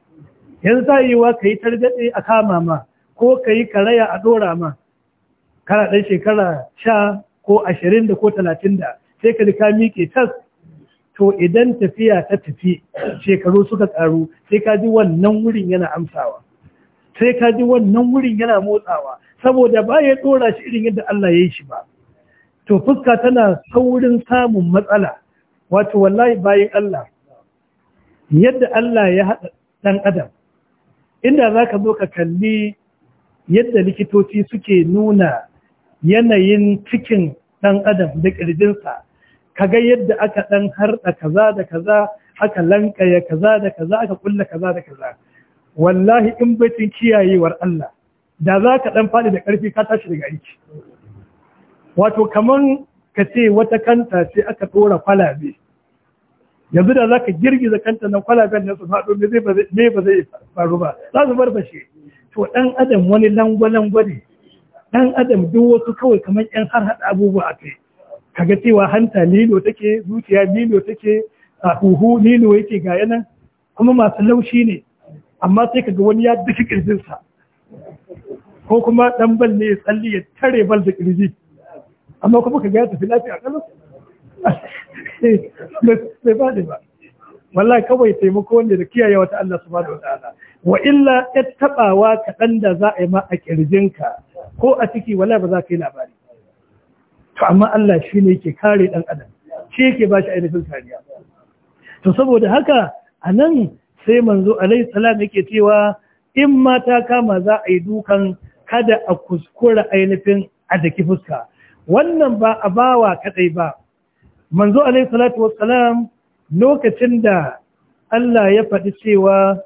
yanzu za yi wa ka yi targaɗe a kama ma ko ka yi karaya a ɗora ma kana ɗan shekara sha ko ashirin da ko talatin da sai ka ka miƙe tas to idan tafiya ta tafi shekaru suka ƙaru sai ka ji wannan wurin yana amsawa sai ka ji wannan wurin yana motsawa saboda ba ya ɗora shi irin yadda Allah ya yi shi ba to fuska tana saurin samun matsala wato wallahi bayan Allah yadda Allah ya haɗa ɗan adam inda za ka zo ka kalli yadda likitoci suke nuna yanayin cikin ɗan adam da ƙirjinsa kaga yadda aka ɗan harɗa kaza da kaza aka lankaya kaza da kaza aka kulla kaza da kaza wallahi in baitin kiyayewar Allah da za ka ɗan faɗi da ƙarfi ka tashi daga aiki wato kamar ka ce wata kanta sai aka ɗora kwalabe yanzu da za ka girgiza kanta na kwalaben na su faɗo me ba zai faru ba za su bar bashe to ɗan adam wani langwa-langwa ne ɗan adam duk wasu kawai kamar yan har haɗa abubuwa a kai ga cewa hanta lilo take zuciya lilo take a huhu lilo yake ga yanan kuma masu laushi ne amma sai ka ga wani ya duki ƙirjinsa. ko kuma ɗan bal ne ya tsalli ya tare bal da ƙirji. amma kuma ka gaya tafi lafiya kalu bai faɗi ba wallahi kawai taimako wanda da kiyaye wata Allah da wata ala. wa illa ya tabawa kaɗan da za a yi ma a ƙirjinka ko a ciki wallahi ba za ka yi labari to amma Allah shi ne ke kare ɗan adam shi yake ba shi ainihin kariya to saboda haka a nan sai manzo alaihi salam yake cewa in mata kama za a yi dukan kada a kuskura ainihin a daki fuska wannan ba a bawa kadai ba manzo alayhi salatu wassalam lokacin da Allah ya faɗi cewa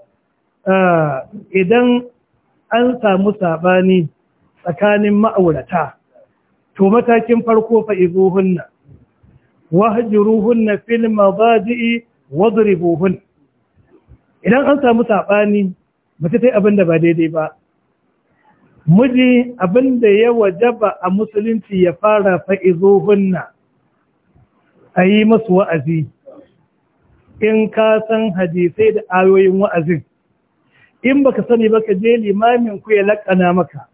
ah, idan an samu sabani tsakanin ma'aurata to matakin farko izuhunna wahjuruhunna fil mabadi'i wadribuhun idan an samu saɓani mace tai abin da ba daidai ba muji abinda ya wajaba a musulunci ya fara fa'izuhunna a yi masu wa'azi in ka san hadisai da ayoyin wa'azin in baka sani ba ka je limamin ku ya laƙana maka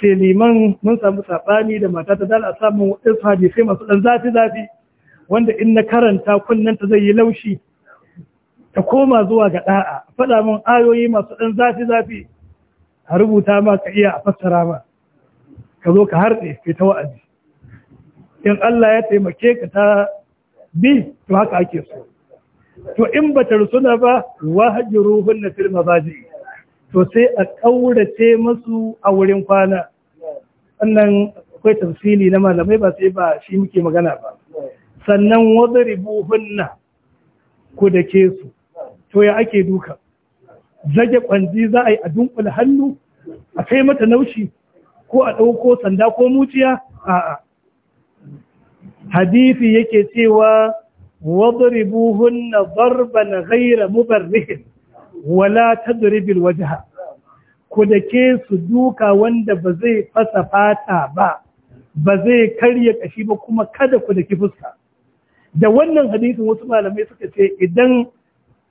sai liman mun samu saɓani da mata ta dala a samun waɗansu hadisai masu ɗan zafi-zafi wanda in na karanta ta zai yi laushi ta koma zuwa ga ɗa'a faɗa mun ayoyi masu ɗan zafi-zafi a rubuta ma ka iya a fassara ma ka zo ka harɗe fita ta wa'azi in Allah ya taimake ka ta bi to haka ake so to in ba ta rusuna ba ruhun na fil mazaji to sai a ƙaurate masu a wurin kwana annan akwai tafsili na malamai ba sai ba shi muke magana ba sannan wadribuhunna ku da ke su to ya ake duka zage kwanzi za a yi a dunkula hannu a kai mata naushi ko a ɗauko sanda ko muciya a'a hadisi yake cewa wadribuhunna darban ghayra mubarrihin wala tadribil wajha ku dake su duka wanda ba zai fasa fata ba ba zai karya kashi ba kuma kada ku dake fuska da wannan hadisin wasu malamai suka ce idan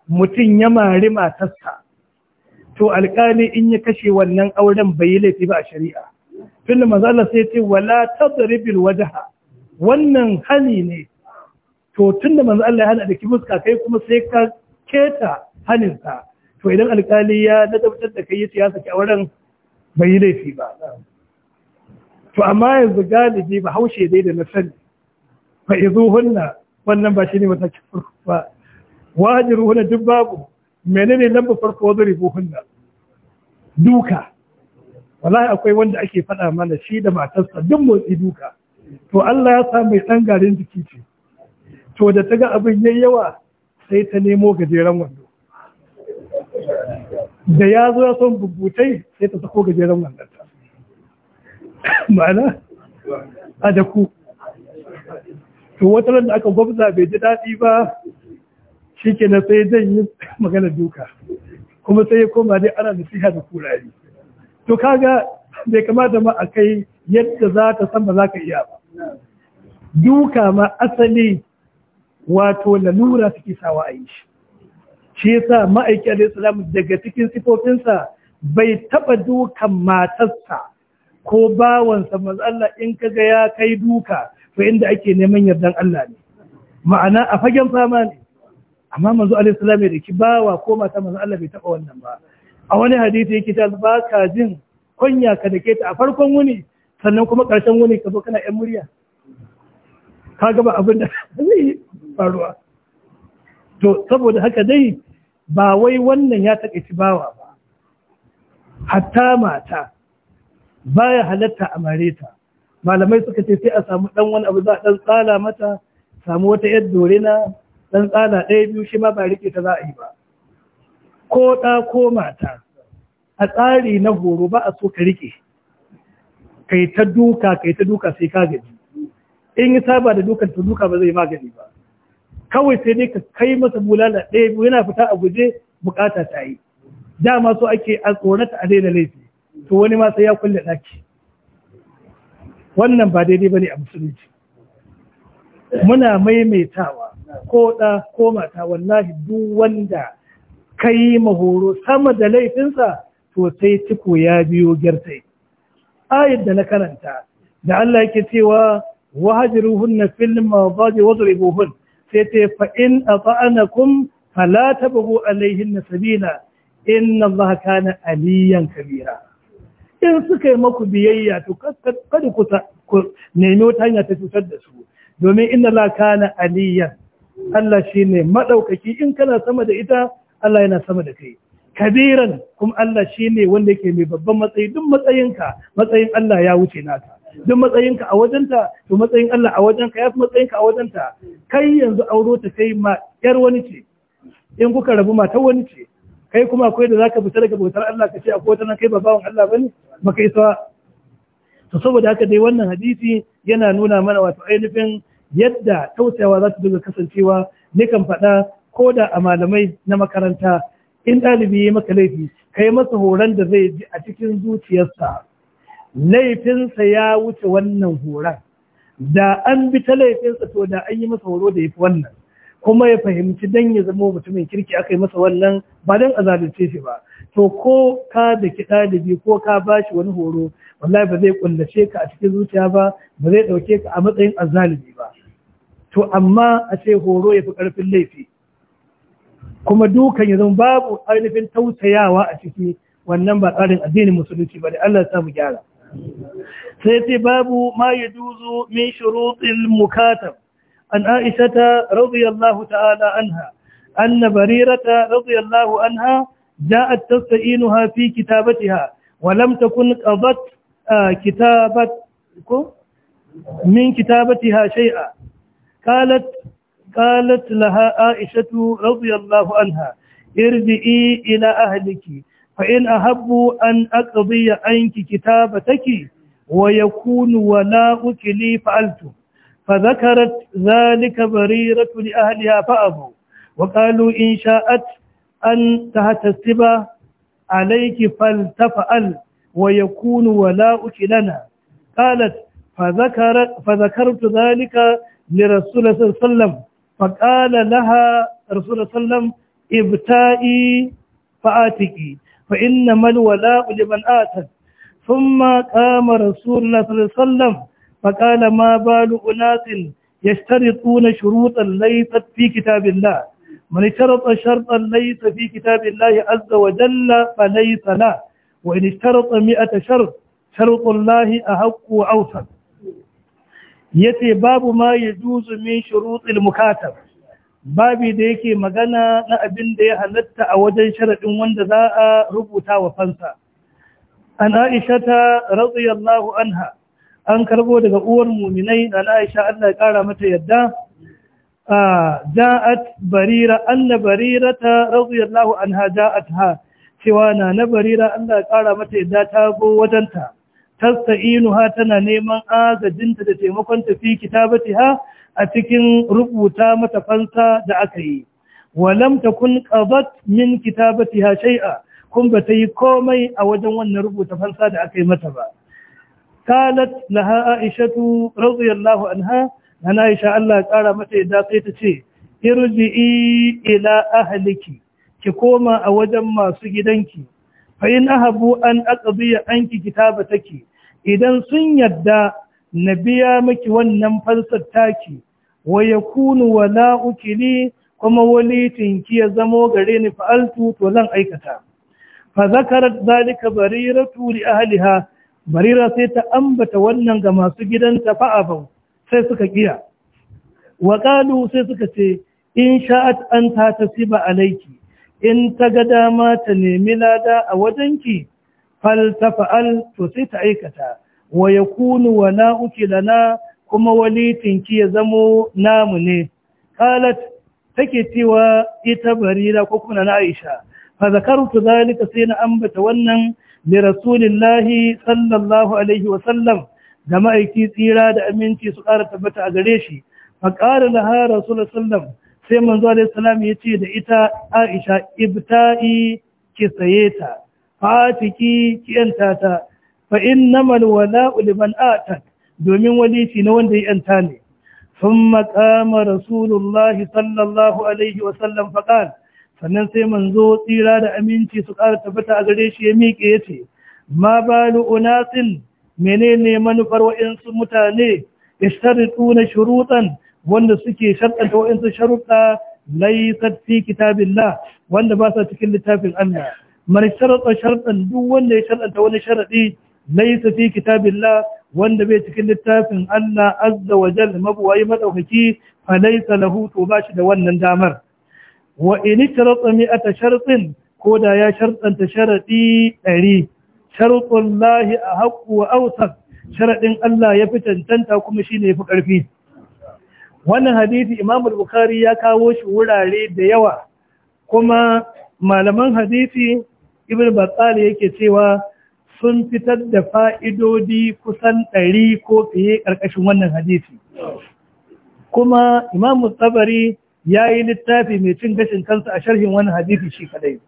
mutum ya mari matarsa to alƙali in ya kashe wannan auren bai yi laifi ba a shari'a tunda manzala sai ce wala tadribil wajaha. wannan hani ne to tunda manzo Allah ya hana da fuska kai kuma sai ka keta hanin to idan alƙali ya ladabtar da kai ya ya saki auren bai yi laifi ba to amma yanzu galibi ba haushe dai da na sani fa izuhunna wannan ba shine matakin farko ba wajiruhunna duk babu menene lamba farko wazo ribuhunna duka wallahi akwai wanda ake faɗa mana shi da matarsa duk motsi duka to Allah ya sa mai dan garin jiki ce to da ta ga abin yayi yawa sai ta nemo gajeren wando da ya zo ya son bubutai sai ta sako gajeren ta ma'ana a da ku to wata da aka gwabza bai ji daɗi ba shi ke na sai zan yi magana duka kuma sai ya koma dai ana nasiha da kurari to kaga bai kamata ma a kai yadda za ta san ba za ka iya ba duka ma asali wato lalura suke sawa a yi shi shi yasa ma'aiki alaihi daga cikin sifofinsa bai taba dukan matarsa ko bawansa manzo Allah in kaga ya kai duka to inda ake neman yardan Allah ne ma'ana a fagen fama ne amma manzo alayhi salam ya ki bawa ko mata manzo Allah bai taba wannan ba a wani hadisi yake ta ba ka jin kunya ka dake ta a farkon wuni sannan kuma karshen wuni ka zo kana yan murya ka ga ba abin da (laughs) zai faruwa to saboda haka dai ba wai wannan ya takaici bawa ba hatta mata baya halatta a mare ta malamai suka ce sai a samu dan wani abu za a dan tsala mata samu wata yar dorina dan tsala ɗaya biyu shi ma ba rike ta za a yi ba ko ɗa ko mata a tsari na horo ba a so ka rike kai ta duka kai ta duka sai ka gani. in yi saba da dukan ta duka ba zai magani ba kawai sai dai ka kai masa bulala ɗaya biyu yana fita a guje bukata ta yi dama so ake a tsorata a daina laifi to wani ma sai ya kulle ɗaki wannan ba daidai ba ne a musulunci muna maimaitawa ko ɗa ko mata wallahi duk wanda kai yi mahoro sama da laifinsa to sai ciko ya biyo gartai. ayat da na karanta da Allah yake cewa wa hajiruhunna fil mawadi wadribuhun sai ta fa in ata'anakum fala tabghu alaihinna sabila inna Allah kana aliyan kabira in suka yi maku biyayya to kada ku nemi wata hanya ta cutar da su domin inna Allah kana aliyan Allah shi ne maɗaukaki in kana sama da ita Allah yana sama da kai kabiran kuma Allah shi ne wanda yake mai babban matsayi duk matsayinka matsayin Allah ya wuce naka duk matsayinka a wajenta to matsayin Allah a wajenka ya fi matsayinka a wajenta kai yanzu auro ta kai ma yar wani ce in kuka rabu matar wani ce kai kuma akwai da zaka fita daga bautar Allah ka ce akwai wata nan kai ba ne? Allah bane baka isa to saboda haka dai wannan hadisi yana nuna mana wato ainihin yadda tausayawa za ta dinga kasancewa nikan faɗa ko da a malamai na makaranta in ɗalibi ya maka laifi ka yi masa horon da zai ji a cikin zuciyarsa laifinsa ya wuce wannan horon da an bi ta laifinsa to da an yi masa horo da ya fi wannan kuma ya fahimci dan ya zama mutumin kirki aka yi masa wannan ba dan a zalunce shi ba to ko ka da ki ɗalibi ko ka ba shi wani horo wallahi ba zai kullace ka a cikin zuciya ba ba zai ɗauke ka a matsayin azzalimi ba to amma a ce horo ya fi ƙarfin laifi kuma dukan yanzu babu ainihin tausayawa a ciki wannan ba tsarin addinin musulunci ba da Allah ya mu gyara sai ce babu ma ya duzu min shuruɗin mukatab an aishata radiyallahu ta'ala anha anna barirata radiyallahu anha ja'at tasta'inuha fi kitabatiha wa lam takun qadat ah, kitabat ko min kitabatiha shay'a قالت قالت لها عائشة رضي الله عنها ارجئي إلى أهلك فإن أحب أن أقضي عنك كتابتك ويكون ولاؤك لي فعلت فذكرت ذلك بريرة لأهلها فأبوا وقالوا إن شاءت أن تهتسب عليك فلتفعل ويكون ولاؤك لنا قالت فذكرت, فذكرت ذلك لرسول الله صلى الله عليه وسلم فقال لها رسول الله صلى الله عليه وسلم ابتائي فآتكي فإنما الولاء لمن آتت ثم قام رسول الله صلى الله عليه وسلم فقال ما بال أناس يشترطون شروطا ليست في كتاب الله من اشترط شرطا ليس في كتاب الله عز وجل فليس له وإن اشترط مئة شرط شرط الله أحق وأوثق yace babu ma juzu min shurutil mukatab babi da yake magana na abin da ya halatta a wajen sharadin wanda za a rubuta wa fansa an Aisha ta radiyallahu anha an karbo daga uwar muminai da Aisha Allah ya kara mata yadda ja'at barira anna barirata ta radiyallahu anha ja'at ha cewa na na barira Allah ya kara mata yadda ta go wajenta tasta'inuha tana neman agajinta da taimakon ta fi kitabatiha a cikin rubuta mata fansa da aka yi Walamta takun qadat min kitabatiha shay'a kun ba ta yi komai a wajen wannan rubuta fansa da aka yi mata ba Talat laha aishatu radiyallahu anha ana aisha Allah ya kara mata yadda sai ta ce irji'i ila ahliki ki koma a wajen masu gidanki fa in ahabu an aqdiya anki kitabata ki idan sun yadda na biya maki wannan fansar taki wa ya kunu wa la'ukili kuma wani tinki ya zamo gare ni fa'altu to zan aikata fa zakarar zalika bariratu turi ahliha barira sai ta ambata wannan ga masu gidanta ba, sai suka kiya wa sai suka ce in sha'at an ta tasiba laiki, in ta ga dama ta nemi lada a wajenki fal to sai ta aikata wa kunu wa na'uki na kuma wani tinki ya zamo namu ne kalat take cewa ita barira ko kuma na Aisha fa zakartu zalika sai na ambata wannan li rasulillahi sallallahu alaihi wa sallam da ma'aiki tsira da aminci su ƙara tabbata a gare shi fa ƙara laha rasulullahi sallam, sai manzo alaihi salam yace da ita Aisha ibta'i ki saye ta fatiki kiyanta ta fa innamal wala'u liman atak domin walici na wanda ya yanta ne ثم قام رسول sallallahu alaihi wa sallam وسلم sannan sai manzo tsira da aminci su ƙara tabbata a gare shi ya miƙe ya ce ma balu menene manufar wa'insu mutane ishtaritu na shurutan wanda suke sharɗanta wa'insu sharuɗa laysat fi kitabillah wanda ba sa cikin littafin Allah man sharata shartan duk wanda ya sharanta wani sharadi laysa fi kitabillah wanda bai cikin littafin Allah azza wa jalla mabuwayi madaukaki fa laysa lahu to ba shi da wannan damar wa in sharata mi'ata shartin ko da ya shartanta sharadi 100 Lahi a wa awsaq sharadin Allah ya fi tantanta kuma shine yafi karfi wannan hadisi Imam al-Bukhari ya kawo shi wurare da yawa kuma malaman hadisi ibn batsali yake cewa sun fitar da fa'idodi kusan ɗari ko fiye ƙarƙashin wannan hadisi kuma imamu tsabari ya yi littafi mai cin gashin kansa a sharhin wani hadisi shi kadai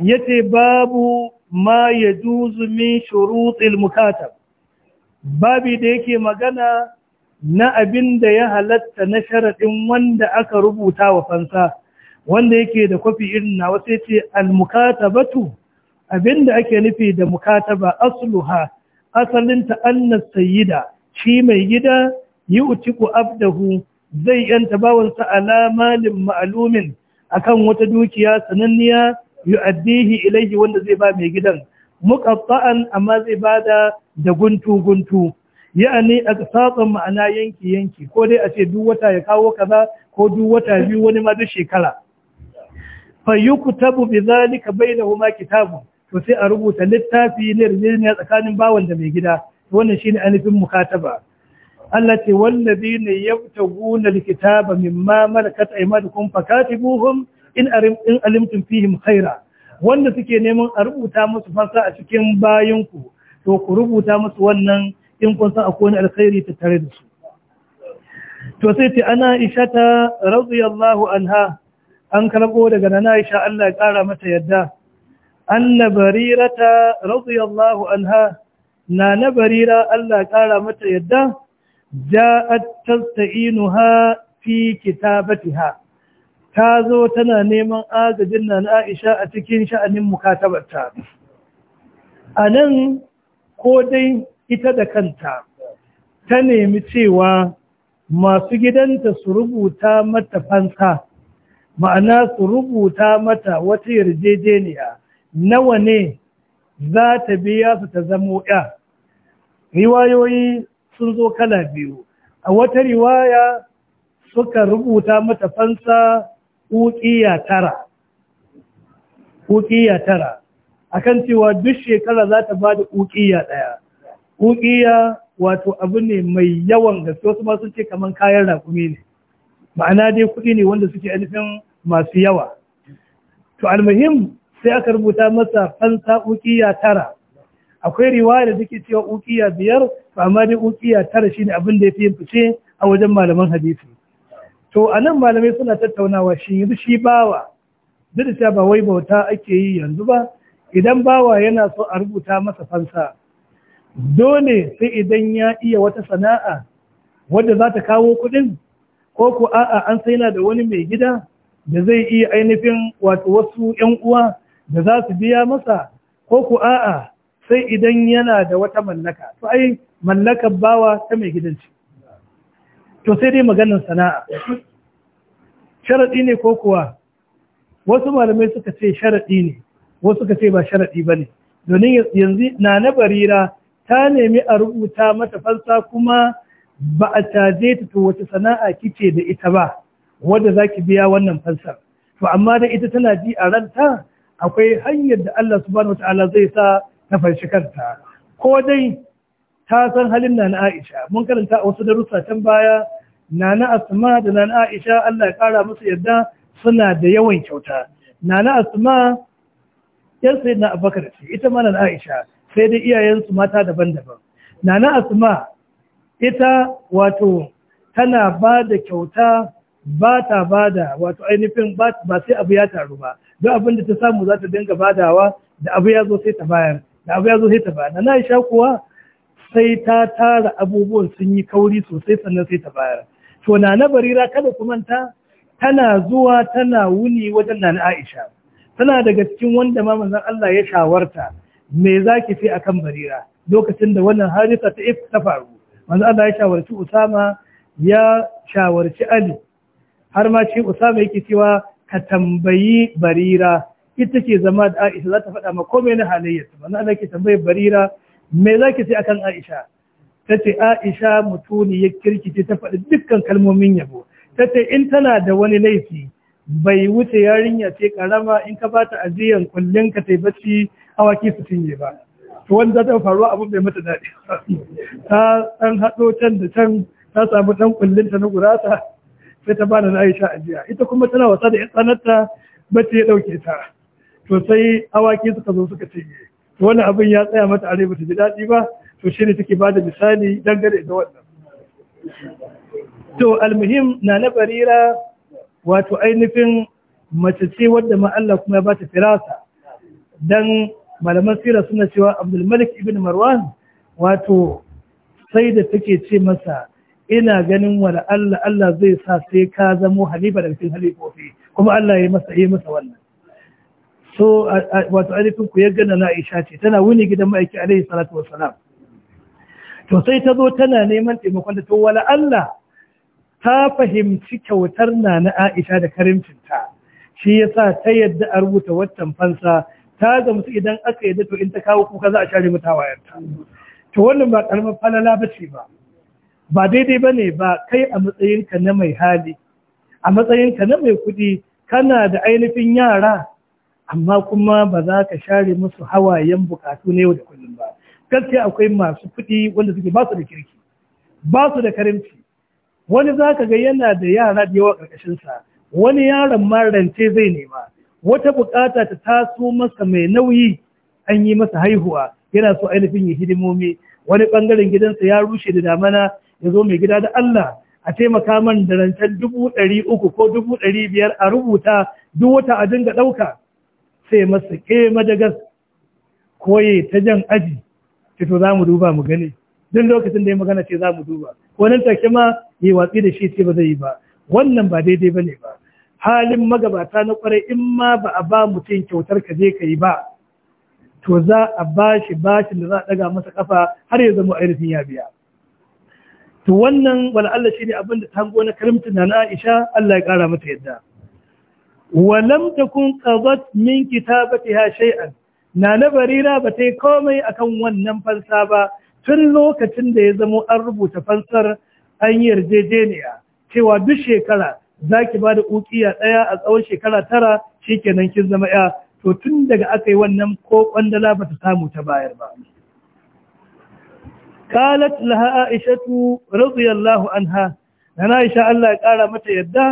ya ce babu ma ya juzu min shuruɗil mukatab babi da yake magana na abin da ya halatta na sharaɗin wanda aka rubuta wa fansa wanda yake da kwafi irin na wasu yace al-mukatabatu abinda ake nufi da mukataba asluha asalinta anna sayyida shi mai gida yi utiku abdahu zai yanta bawansa ala malin ma'lumin akan wata dukiya sananniya yu'addihi ilayhi wanda zai ba mai gidan muqatta'an amma zai bada da guntu guntu ya'ani aqsatan ma'ana yanki yanki ko dai a ce duk wata ya kawo kaza ko duk wata biyu wani ma duk shekara fa ka bi zalika bainahuma kitabu to sai a rubuta littafi ne rijiniya tsakanin bawan da mai gida wannan shine anifin mukataba Allah ce wallazina yabtaguna alkitaba mimma malakat aymanukum fakatibuhum in in alimtum fihim khaira wanda suke neman a rubuta musu fasa a cikin bayanku to ku rubuta musu wannan in kun san akwai alkhairi ta tare da su to sai ta ana isha ta radiyallahu anha an karɓo daga nan Aisha Allah ya ƙara mata yadda anna barirata radiyallahu anha na na barira Allah ya ƙara mata yadda ja'at tasta'inuha fi kitabatiha ta zo tana neman agajin nan Aisha a cikin sha'anin mukatabarta anan ko dai ita da kanta ta nemi cewa masu gidanta su rubuta mata fansa ma'ana su rubuta mata wata yarjejeniya nawa ne za ta biya su ta zamo ya riwayoyi sun zo kala biyu a wata riwaya suka rubuta mata fansa ukiya tara ukiya tara akan cewa duk shekara za ta ba da ukiya ɗaya ukiya wato abu ne mai yawan gaske wasu ma sun ce kamar kayan raƙumi ne ma'ana dai kuɗi ne wanda suke alifin masu yawa to almuhim sai aka rubuta masa fansa ukiya tara akwai riwaya da suke cewa ukiya biyar to amma dai ukiya tara shine abin da ya yin fice a wajen malaman hadisi to a nan malamai suna tattaunawa shi yanzu shi bawa duk da ba wai bauta ake yi yanzu ba idan bawa yana so a rubuta masa fansa dole sai idan ya iya wata sana'a wadda za ta kawo kuɗin ko ku a'a an sai yana da wani mai gida da zai iya ainihin wato wasu ‘yan uwa da za su biya masa ko ku a'a sai idan yana da wata mallaka to ai mallakar bawa ta mai gidanci to sai dai maganin sana'a sharaɗi ne ko kuwa wasu malamai suka ce sharaɗi ne wasu suka ce ba sharaɗi ba ne domin yanzu na na barira ta nemi a rubuta mata fansa kuma ba a caje ta to wace sana'a kike da ita ba wadda za ki biya wannan fansar to amma da ita tana ji a ranta akwai hanyar da Allah subhanahu wataala zai sa ta fanshi kanta ko dai ta san halin na Aisha mun karanta a wasu darussa can baya Nana Asma da Nana Aisha Allah ya kara musu yadda suna da yawan kyauta Nana Asma yan sai na Abubakar ce ita ma Nana Aisha sai dai iyayensu mata daban-daban Nana Asma ita wato tana ba da kyauta ba ta bada wato ainihin ba sai abu ya taru ba don abin da ta samu za ta dinga badawa da abu ya zo sai ta bayar da abu ya zo sai ta bayar na Aisha kuwa sai ta tara abubuwan sun yi kauri sosai sannan sai ta bayar to na na barira kada ku manta tana zuwa tana wuni wajen na aisha tana daga cikin wanda ma manzon Allah ya shawarta me zaki fi akan barira lokacin da wannan harisa ta if ta faru manzon Allah ya shawarci Usama ya shawarci Ali har ma ce usama yake cewa ka tambayi barira ita ke zama da aisha za ta faɗa ma komai na halayyarsa manzo mana ke tambayi barira me ki ce akan aisha ce aisha mutuni ya kirkice ta faɗi dukkan kalmomin yabo ce in tana da wani laifi bai wuce yarinya ce karama in ka bata ajiyan kullun ka tai bacci awaki su cinye ba to wanda ta faruwa abun bai mata daɗi ta ɗan haɗo can da can ta samu ɗan kullun ta na gurasa sai ta bani na Aisha ajiya ita kuma tana wasa da tsanarta bace ya dauke ta to sai awaki suka zo suka ce to wannan abin ya tsaya mata a bata ji daɗi ba to shine take bada misali dangane da wannan to almuhim na na barira wato ainihin mace ce wadda ma Allah kuma ya bata firasa dan malaman sira suna cewa Abdul Malik ibn Marwan wato sai da take ce masa ina ganin wala Allah Allah zai sa sai ka zamo halifa daga cikin halifofi kuma Allah ya masa yi masa wannan so wato alifin ku ya gana na Aisha ce tana wuni gidan ma'aiki alaihi salatu wassalam to sai ta zo tana neman taimakon da to wala Allah ta fahimci kyautar na na Aisha da karimcinta shi yasa ta yadda a rubuta watan fansa ta gamsu idan aka yadda to in ta kawo kuka za a share mata wayarta to wannan ba karamar falala bace ba ba daidai ba ne ba kai a matsayinka na mai hali a matsayinka na mai kuɗi kana da ainihin yara amma kuma ba za ka share musu hawayen bukatu na yau da kullum ba gaskiya akwai masu kuɗi wanda suke ba su da kirki ba su da karimci wani za ka ga yana da yara da yawa ƙarƙashinsa wani yaron ma rance zai nema wata bukata ta taso masa mai nauyi an yi masa haihuwa yana so ainihin ya hidimomi wani ɓangaren gidansa ya rushe da damana ya zo mai gida da Allah a taimaka man da rancen dubu ɗari uku ko dubu ɗari biyar a rubuta duk wata a dinga ɗauka sai masa ke madagas koye ta jan aji fito za mu duba mu gani duk lokacin da ya magana ce za mu duba wannan take ma yi watsi da shi ce ba zai yi ba wannan ba daidai ba ne ba halin magabata na kwarai in ma ba a ba mutum kyautar ka je ka yi ba to za a bashi bashin da za a ɗaga masa kafa har ya zama ainihin ya biya to wannan wala Allah shine abin da ta hango na karimtin na Aisha Allah ya kara mata yadda walam takun qadat min kitabatiha shay'an na na barira ba ta yi komai akan wannan fansa ba tun lokacin da ya zamo an rubuta fansar an yarjejeniya cewa duk shekara zaki ki ba da ukiya ɗaya a tsawon shekara tara shikenan kin zama ya to tun daga aka yi wannan ko kwandala ba ta samu ta bayar ba kalat laha aishatu radiyallahu anha nana aisha Allah ya kara mata yadda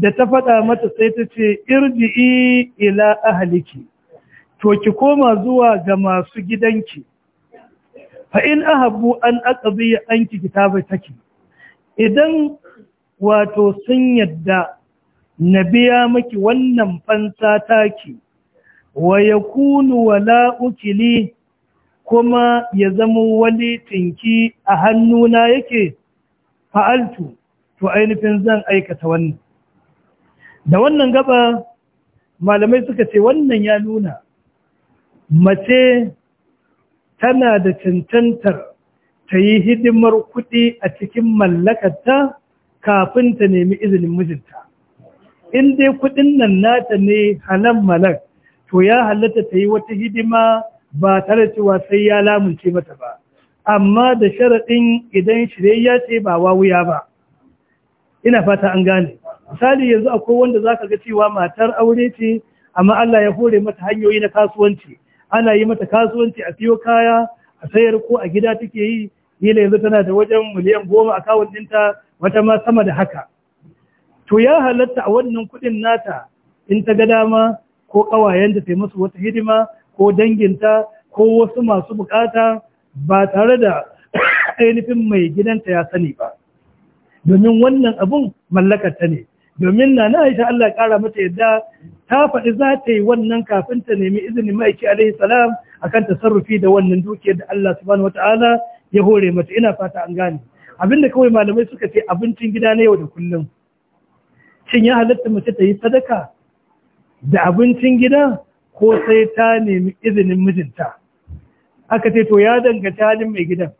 da ta faɗa mata sai ta ce irji'i ila ahliki to ki koma zuwa ga masu gidanki fa in ahabu an aqdi anki taki? idan wato sun yadda na biya maki wannan fansa taki wa yakunu wala ukili kuma ya zama wani tinki a hannuna yake fa'altu to ainihin zan aikata wannan da wannan gaba malamai suka ce wannan ya nuna mace tana da cancantar ta yi hidimar kuɗi a cikin mallakarta kafin ta nemi izinin mijinta in dai kuɗin nan nata ne halan malar to ya halatta ta yi wata hidima ba tare cewa sai ya lamunce mata ba amma da sharaɗin idan shirayya ce ba wawuya ba ina fata an gane misali yanzu akwai wanda zaka ga cewa matar aure ce amma Allah ya hore mata hanyoyi na kasuwanci ana yi mata kasuwanci a siyo kaya a sayar ko a gida take yi kila yanzu tana da wajen miliyan goma a kawun ɗinta wata ma sama da haka to ya halatta a wannan kuɗin nata in ta ga dama ko ƙawayen ta sai musu wata hidima ko danginta ko wasu masu bukata ba tare da (coughs) ainihin mai gidanta ya sani ba domin wannan abun mallakarta ne domin na na aisha Allah kara mata yadda ta faɗi za ta yi wannan kafin ta nemi izinin ma'aiki alaihi salam akan tasarrufi da wannan dukiyar da Allah subhanahu wataala ya hore mata ina fata an gane abinda kawai malamai suka ce abincin gida na yau da kullum shin ya halatta mace ta yi sadaka da abincin gida ko sai ta nemi izinin mijinta aka ce to ya danganta halin mai gidan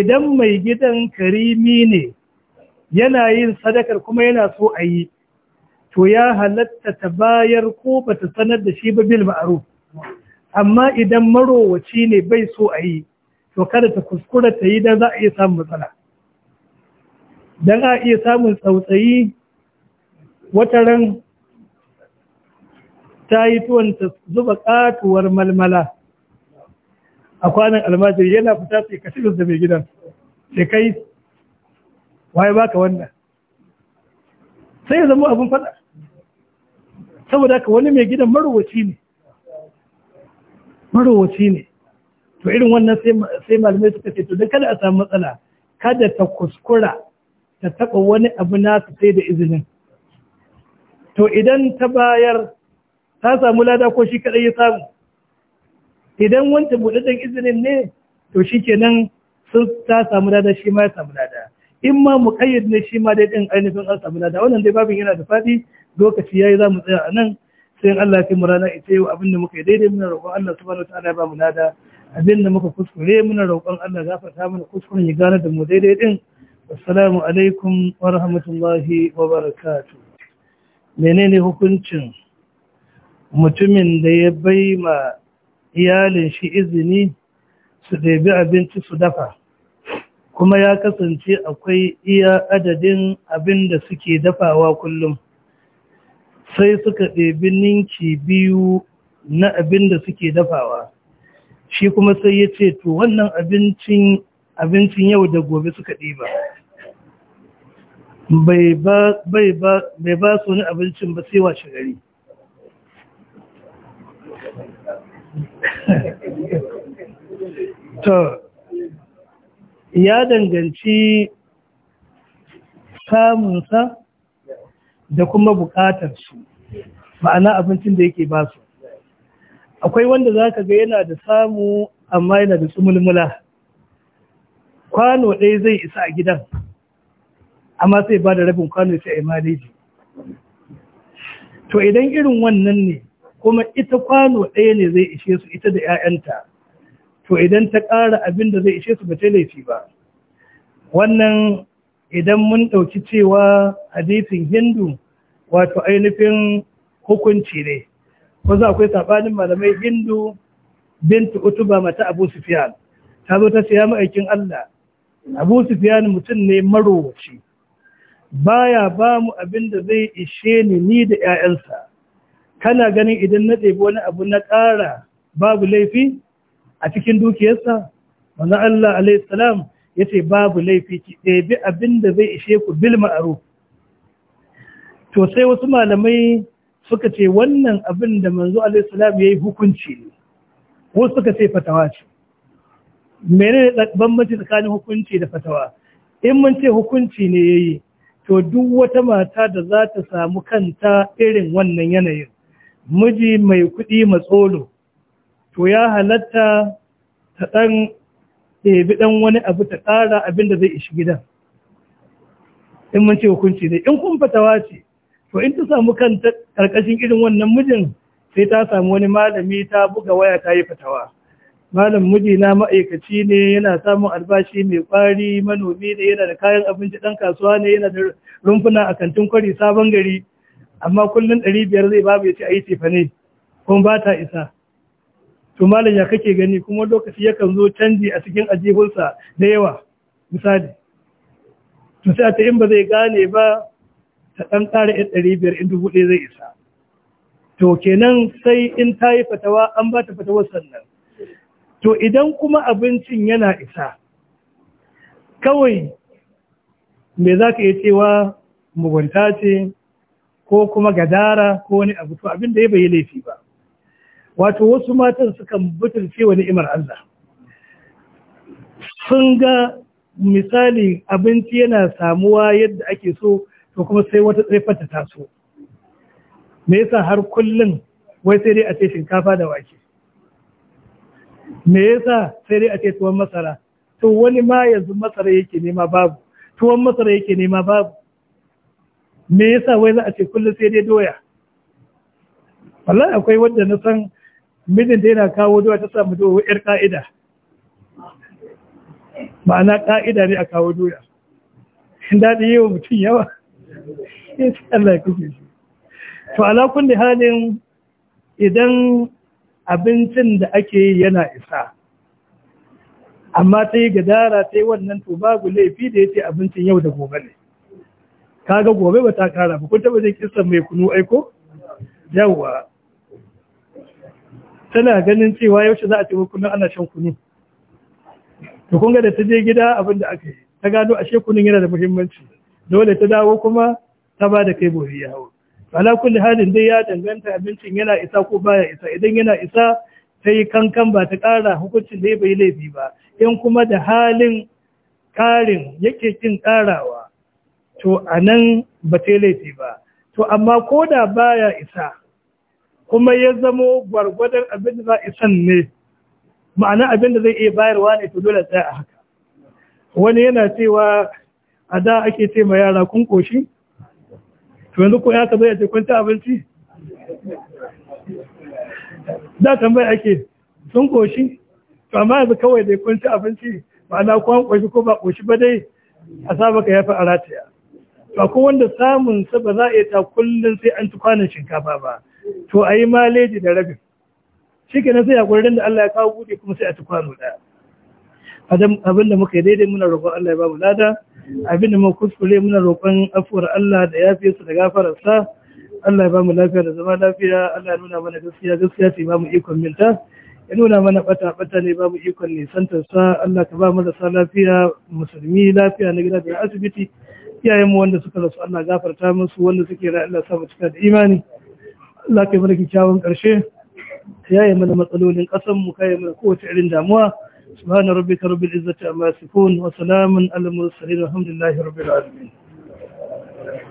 idan mai gidan karimi ne yana yin sadakar kuma yana so a yi to ya halatta ta bayar ko ba ta sanar da shi ba bil ma'aru amma idan marowaci ne bai so a yi to kada ta kuskura ta yi don za a iya samun matsala don a iya samun tsautsayi wata ran ta yi tuwon ta zuba katuwar malmala a kwanan almajiri yana fita sai ka da mai gidan sai kai waye baka wannan sai ya zama abin fada saboda ka wani mai gidan marowaci ne marowaci ne to irin wannan sai malamai suka ce to don kada a samu matsala kada ta kuskura ta taba wani abu nasu sai da izinin to idan ta bayar ta samu lada ko shi kaɗai ya samu idan wancan buɗaɗɗen izinin ne to shi kenan sun ta samu lada shi ma ya samu lada in ma mu ƙayyade ne shi ma dai ɗin ainihin an samu lada wannan dai babin yana da faɗi lokaci ya yi za mu tsaya a nan sai in Allah ya mu rana ita yau abin da muka yi daidai muna roƙon Allah subhanahu ta'ala ya ba mu lada abin da muka kuskure muna roƙon Allah ya gafarta mana kuskuren ya gane da mu daidai ɗin assalamu alaikum wa rahmatullahi wa barakatuh menene hukuncin mutumin da ya bai ma iyalin shi izini su ɗabi abinci su dafa kuma ya kasance akwai iya adadin abin da suke dafawa kullum sai suka ɗabi ninki biyu na abin da suke dafawa shi kuma sai ya ce to wannan abincin yau da gobe suka ɗiba bai ba su ni abincin ba sai washe gari to ya danganci samunsa da kuma bukatar su ma'ana abincin da yake ba su akwai wanda za ka ga yana da samu amma yana da tsumulmula kwano ɗaya zai isa a gidan amma sai ba da rabin kwano sai a yi to idan irin wannan ne kuma ita kwano ɗaya ne zai ishe su ita da 'ya'yanta to idan ta ƙara abin da zai ishe su ba ta laifi ba wannan idan mun ɗauki cewa hadisin hindu wato ainihin hukunci ne ko za akwai saɓanin malamai hindu binta utuba mata abu sufiyan ta zo ta siya ma'aikin allah abu sufiyan mutum ne marowaci baya ba mu abin da zai ishe ni ni da 'ya'yansa kana ganin idan na ɗebi wani abu na ƙara babu laifi a cikin dukiyarsa manzon Allah alaihi ya ce babu laifi ki ɗebi abin da zai ishe ku bil ma'aru. to sai wasu malamai suka ce wannan abin da manzo alaihi ya yi hukunci ne wasu suka ce fatawa ce menene bambanci tsakanin hukunci da fatawa in mun ce hukunci ne ya yi. to duk wata mata da za ta samu kanta irin wannan yanayin miji mai kuɗi matsolo to ya halatta ta ɗan ɗebi ɗan wani abu ta ƙara abin da zai ishi gidan in mun ce hukunci ne in kun fatawa ce to in ta samu kanta ƙarƙashin irin wannan mijin sai ta samu wani malami ta buga waya ta yi fatawa malam mijina ma'aikaci ne yana samun albashi mai kwari manomi ne yana da kayan abinci ɗan kasuwa ne yana da rumfuna a kantin kwari sabon gari amma kullum ɗari biyar zai babu ya ce a yi tefa ne kuma ba ta isa to malam ya kake gani kuma lokaci yakan zo canji a cikin ajihunsa da yawa misali to sai ta in ba zai gane ba ta ɗan ƙara yan ɗari biyar in dubu ɗaya zai isa to kenan sai in ta yi fatawa an ba ta fatawar sannan to idan kuma abincin yana isa kawai me za ka iya cewa mugunta ce ko kuma gadara ko wani abu to abin da ya bai laifi ba wato wasu matan sukan butulce wani imar Allah sun ga misali abinci yana samuwa yadda ake so to kuma sai wata tsaifar ta taso me yasa har kullun wai sai dai a ce shinkafa da wake me yasa sai dai a ce tuwon masara to wani ma yanzu masara yake nema babu tuwon masara yake nema babu me yasa wai za a ce kullum sai dai doya wallahi akwai wanda na san mijin da yana kawo doya ta samu doya yar ka'ida ma'ana ka'ida ne a kawo doya shin daɗi yi wa mutum yawa (laughs) Allah ya kufe shi to alakun da halin idan abincin da ake yi yana isa amma ta yi gadara ta yi wannan to babu laifi da ya ce abincin yau da gobe ne kaga gobe ba ta kara ba kun ta jin kissan mai kunu aiko yawa tana ganin cewa yaushe za a ce kunu ana shan kunu to kun ga da ta je gida abin da aka yi ta gano ashe kunun yana da muhimmanci dole ta dawo kuma ta ba da kai bori ya hawo ala kulli halin dai ya danganta abincin yana isa ko baya isa idan yana isa ta yi kankan ba ta ƙara hukuncin da ya bai laifi ba in kuma da halin ƙarin yake kin ƙarawa to a nan ba ta laifi ba to amma ko da baya isa kuma ya zamo gwargwadon abin da za isan ne ma'ana abin da zai iya bayarwa ne to dole sai a haka wani yana cewa a da ake ce ma yara kun koshi to yanzu ko ya ka zai ce kun ta abinci da tambaya ake sun koshi to amma yanzu kawai dai kun abinci ma'ana kwan koshi ko ba koshi ba dai a saba ka yafi a ba ko wanda samun sa ba za a yi ta kullum sai an ci kwanan shinkafa ba to a yi maleji da rabin shi ke sai a da Allah ya kawo buɗe kuma sai a ci kwano ɗaya abin muka yi daidai muna roƙon Allah ya ba mu lada abin da muka kuskure muna roƙon afuwar Allah da ya fi su da gafararsa Allah ya ba mu lafiya da zama lafiya Allah ya nuna mana gaskiya gaskiya ce ba mu ikon minta ya nuna mana bata bata ne ba mu ikon sa Allah ka ba mu da sa lafiya musulmi lafiya na gida da asibiti iyayenmu wanda suka rasu Allah gafarta musu wanda suke da Allah sa cika da imani Allah kai mana kyakkyawan karshe yaye mana matsalolin kasan mu kai mana kowace irin damuwa subhana rabbika rabbil izzati amma yasifun wa salamun alal mursalin alhamdulillahi rabbil alamin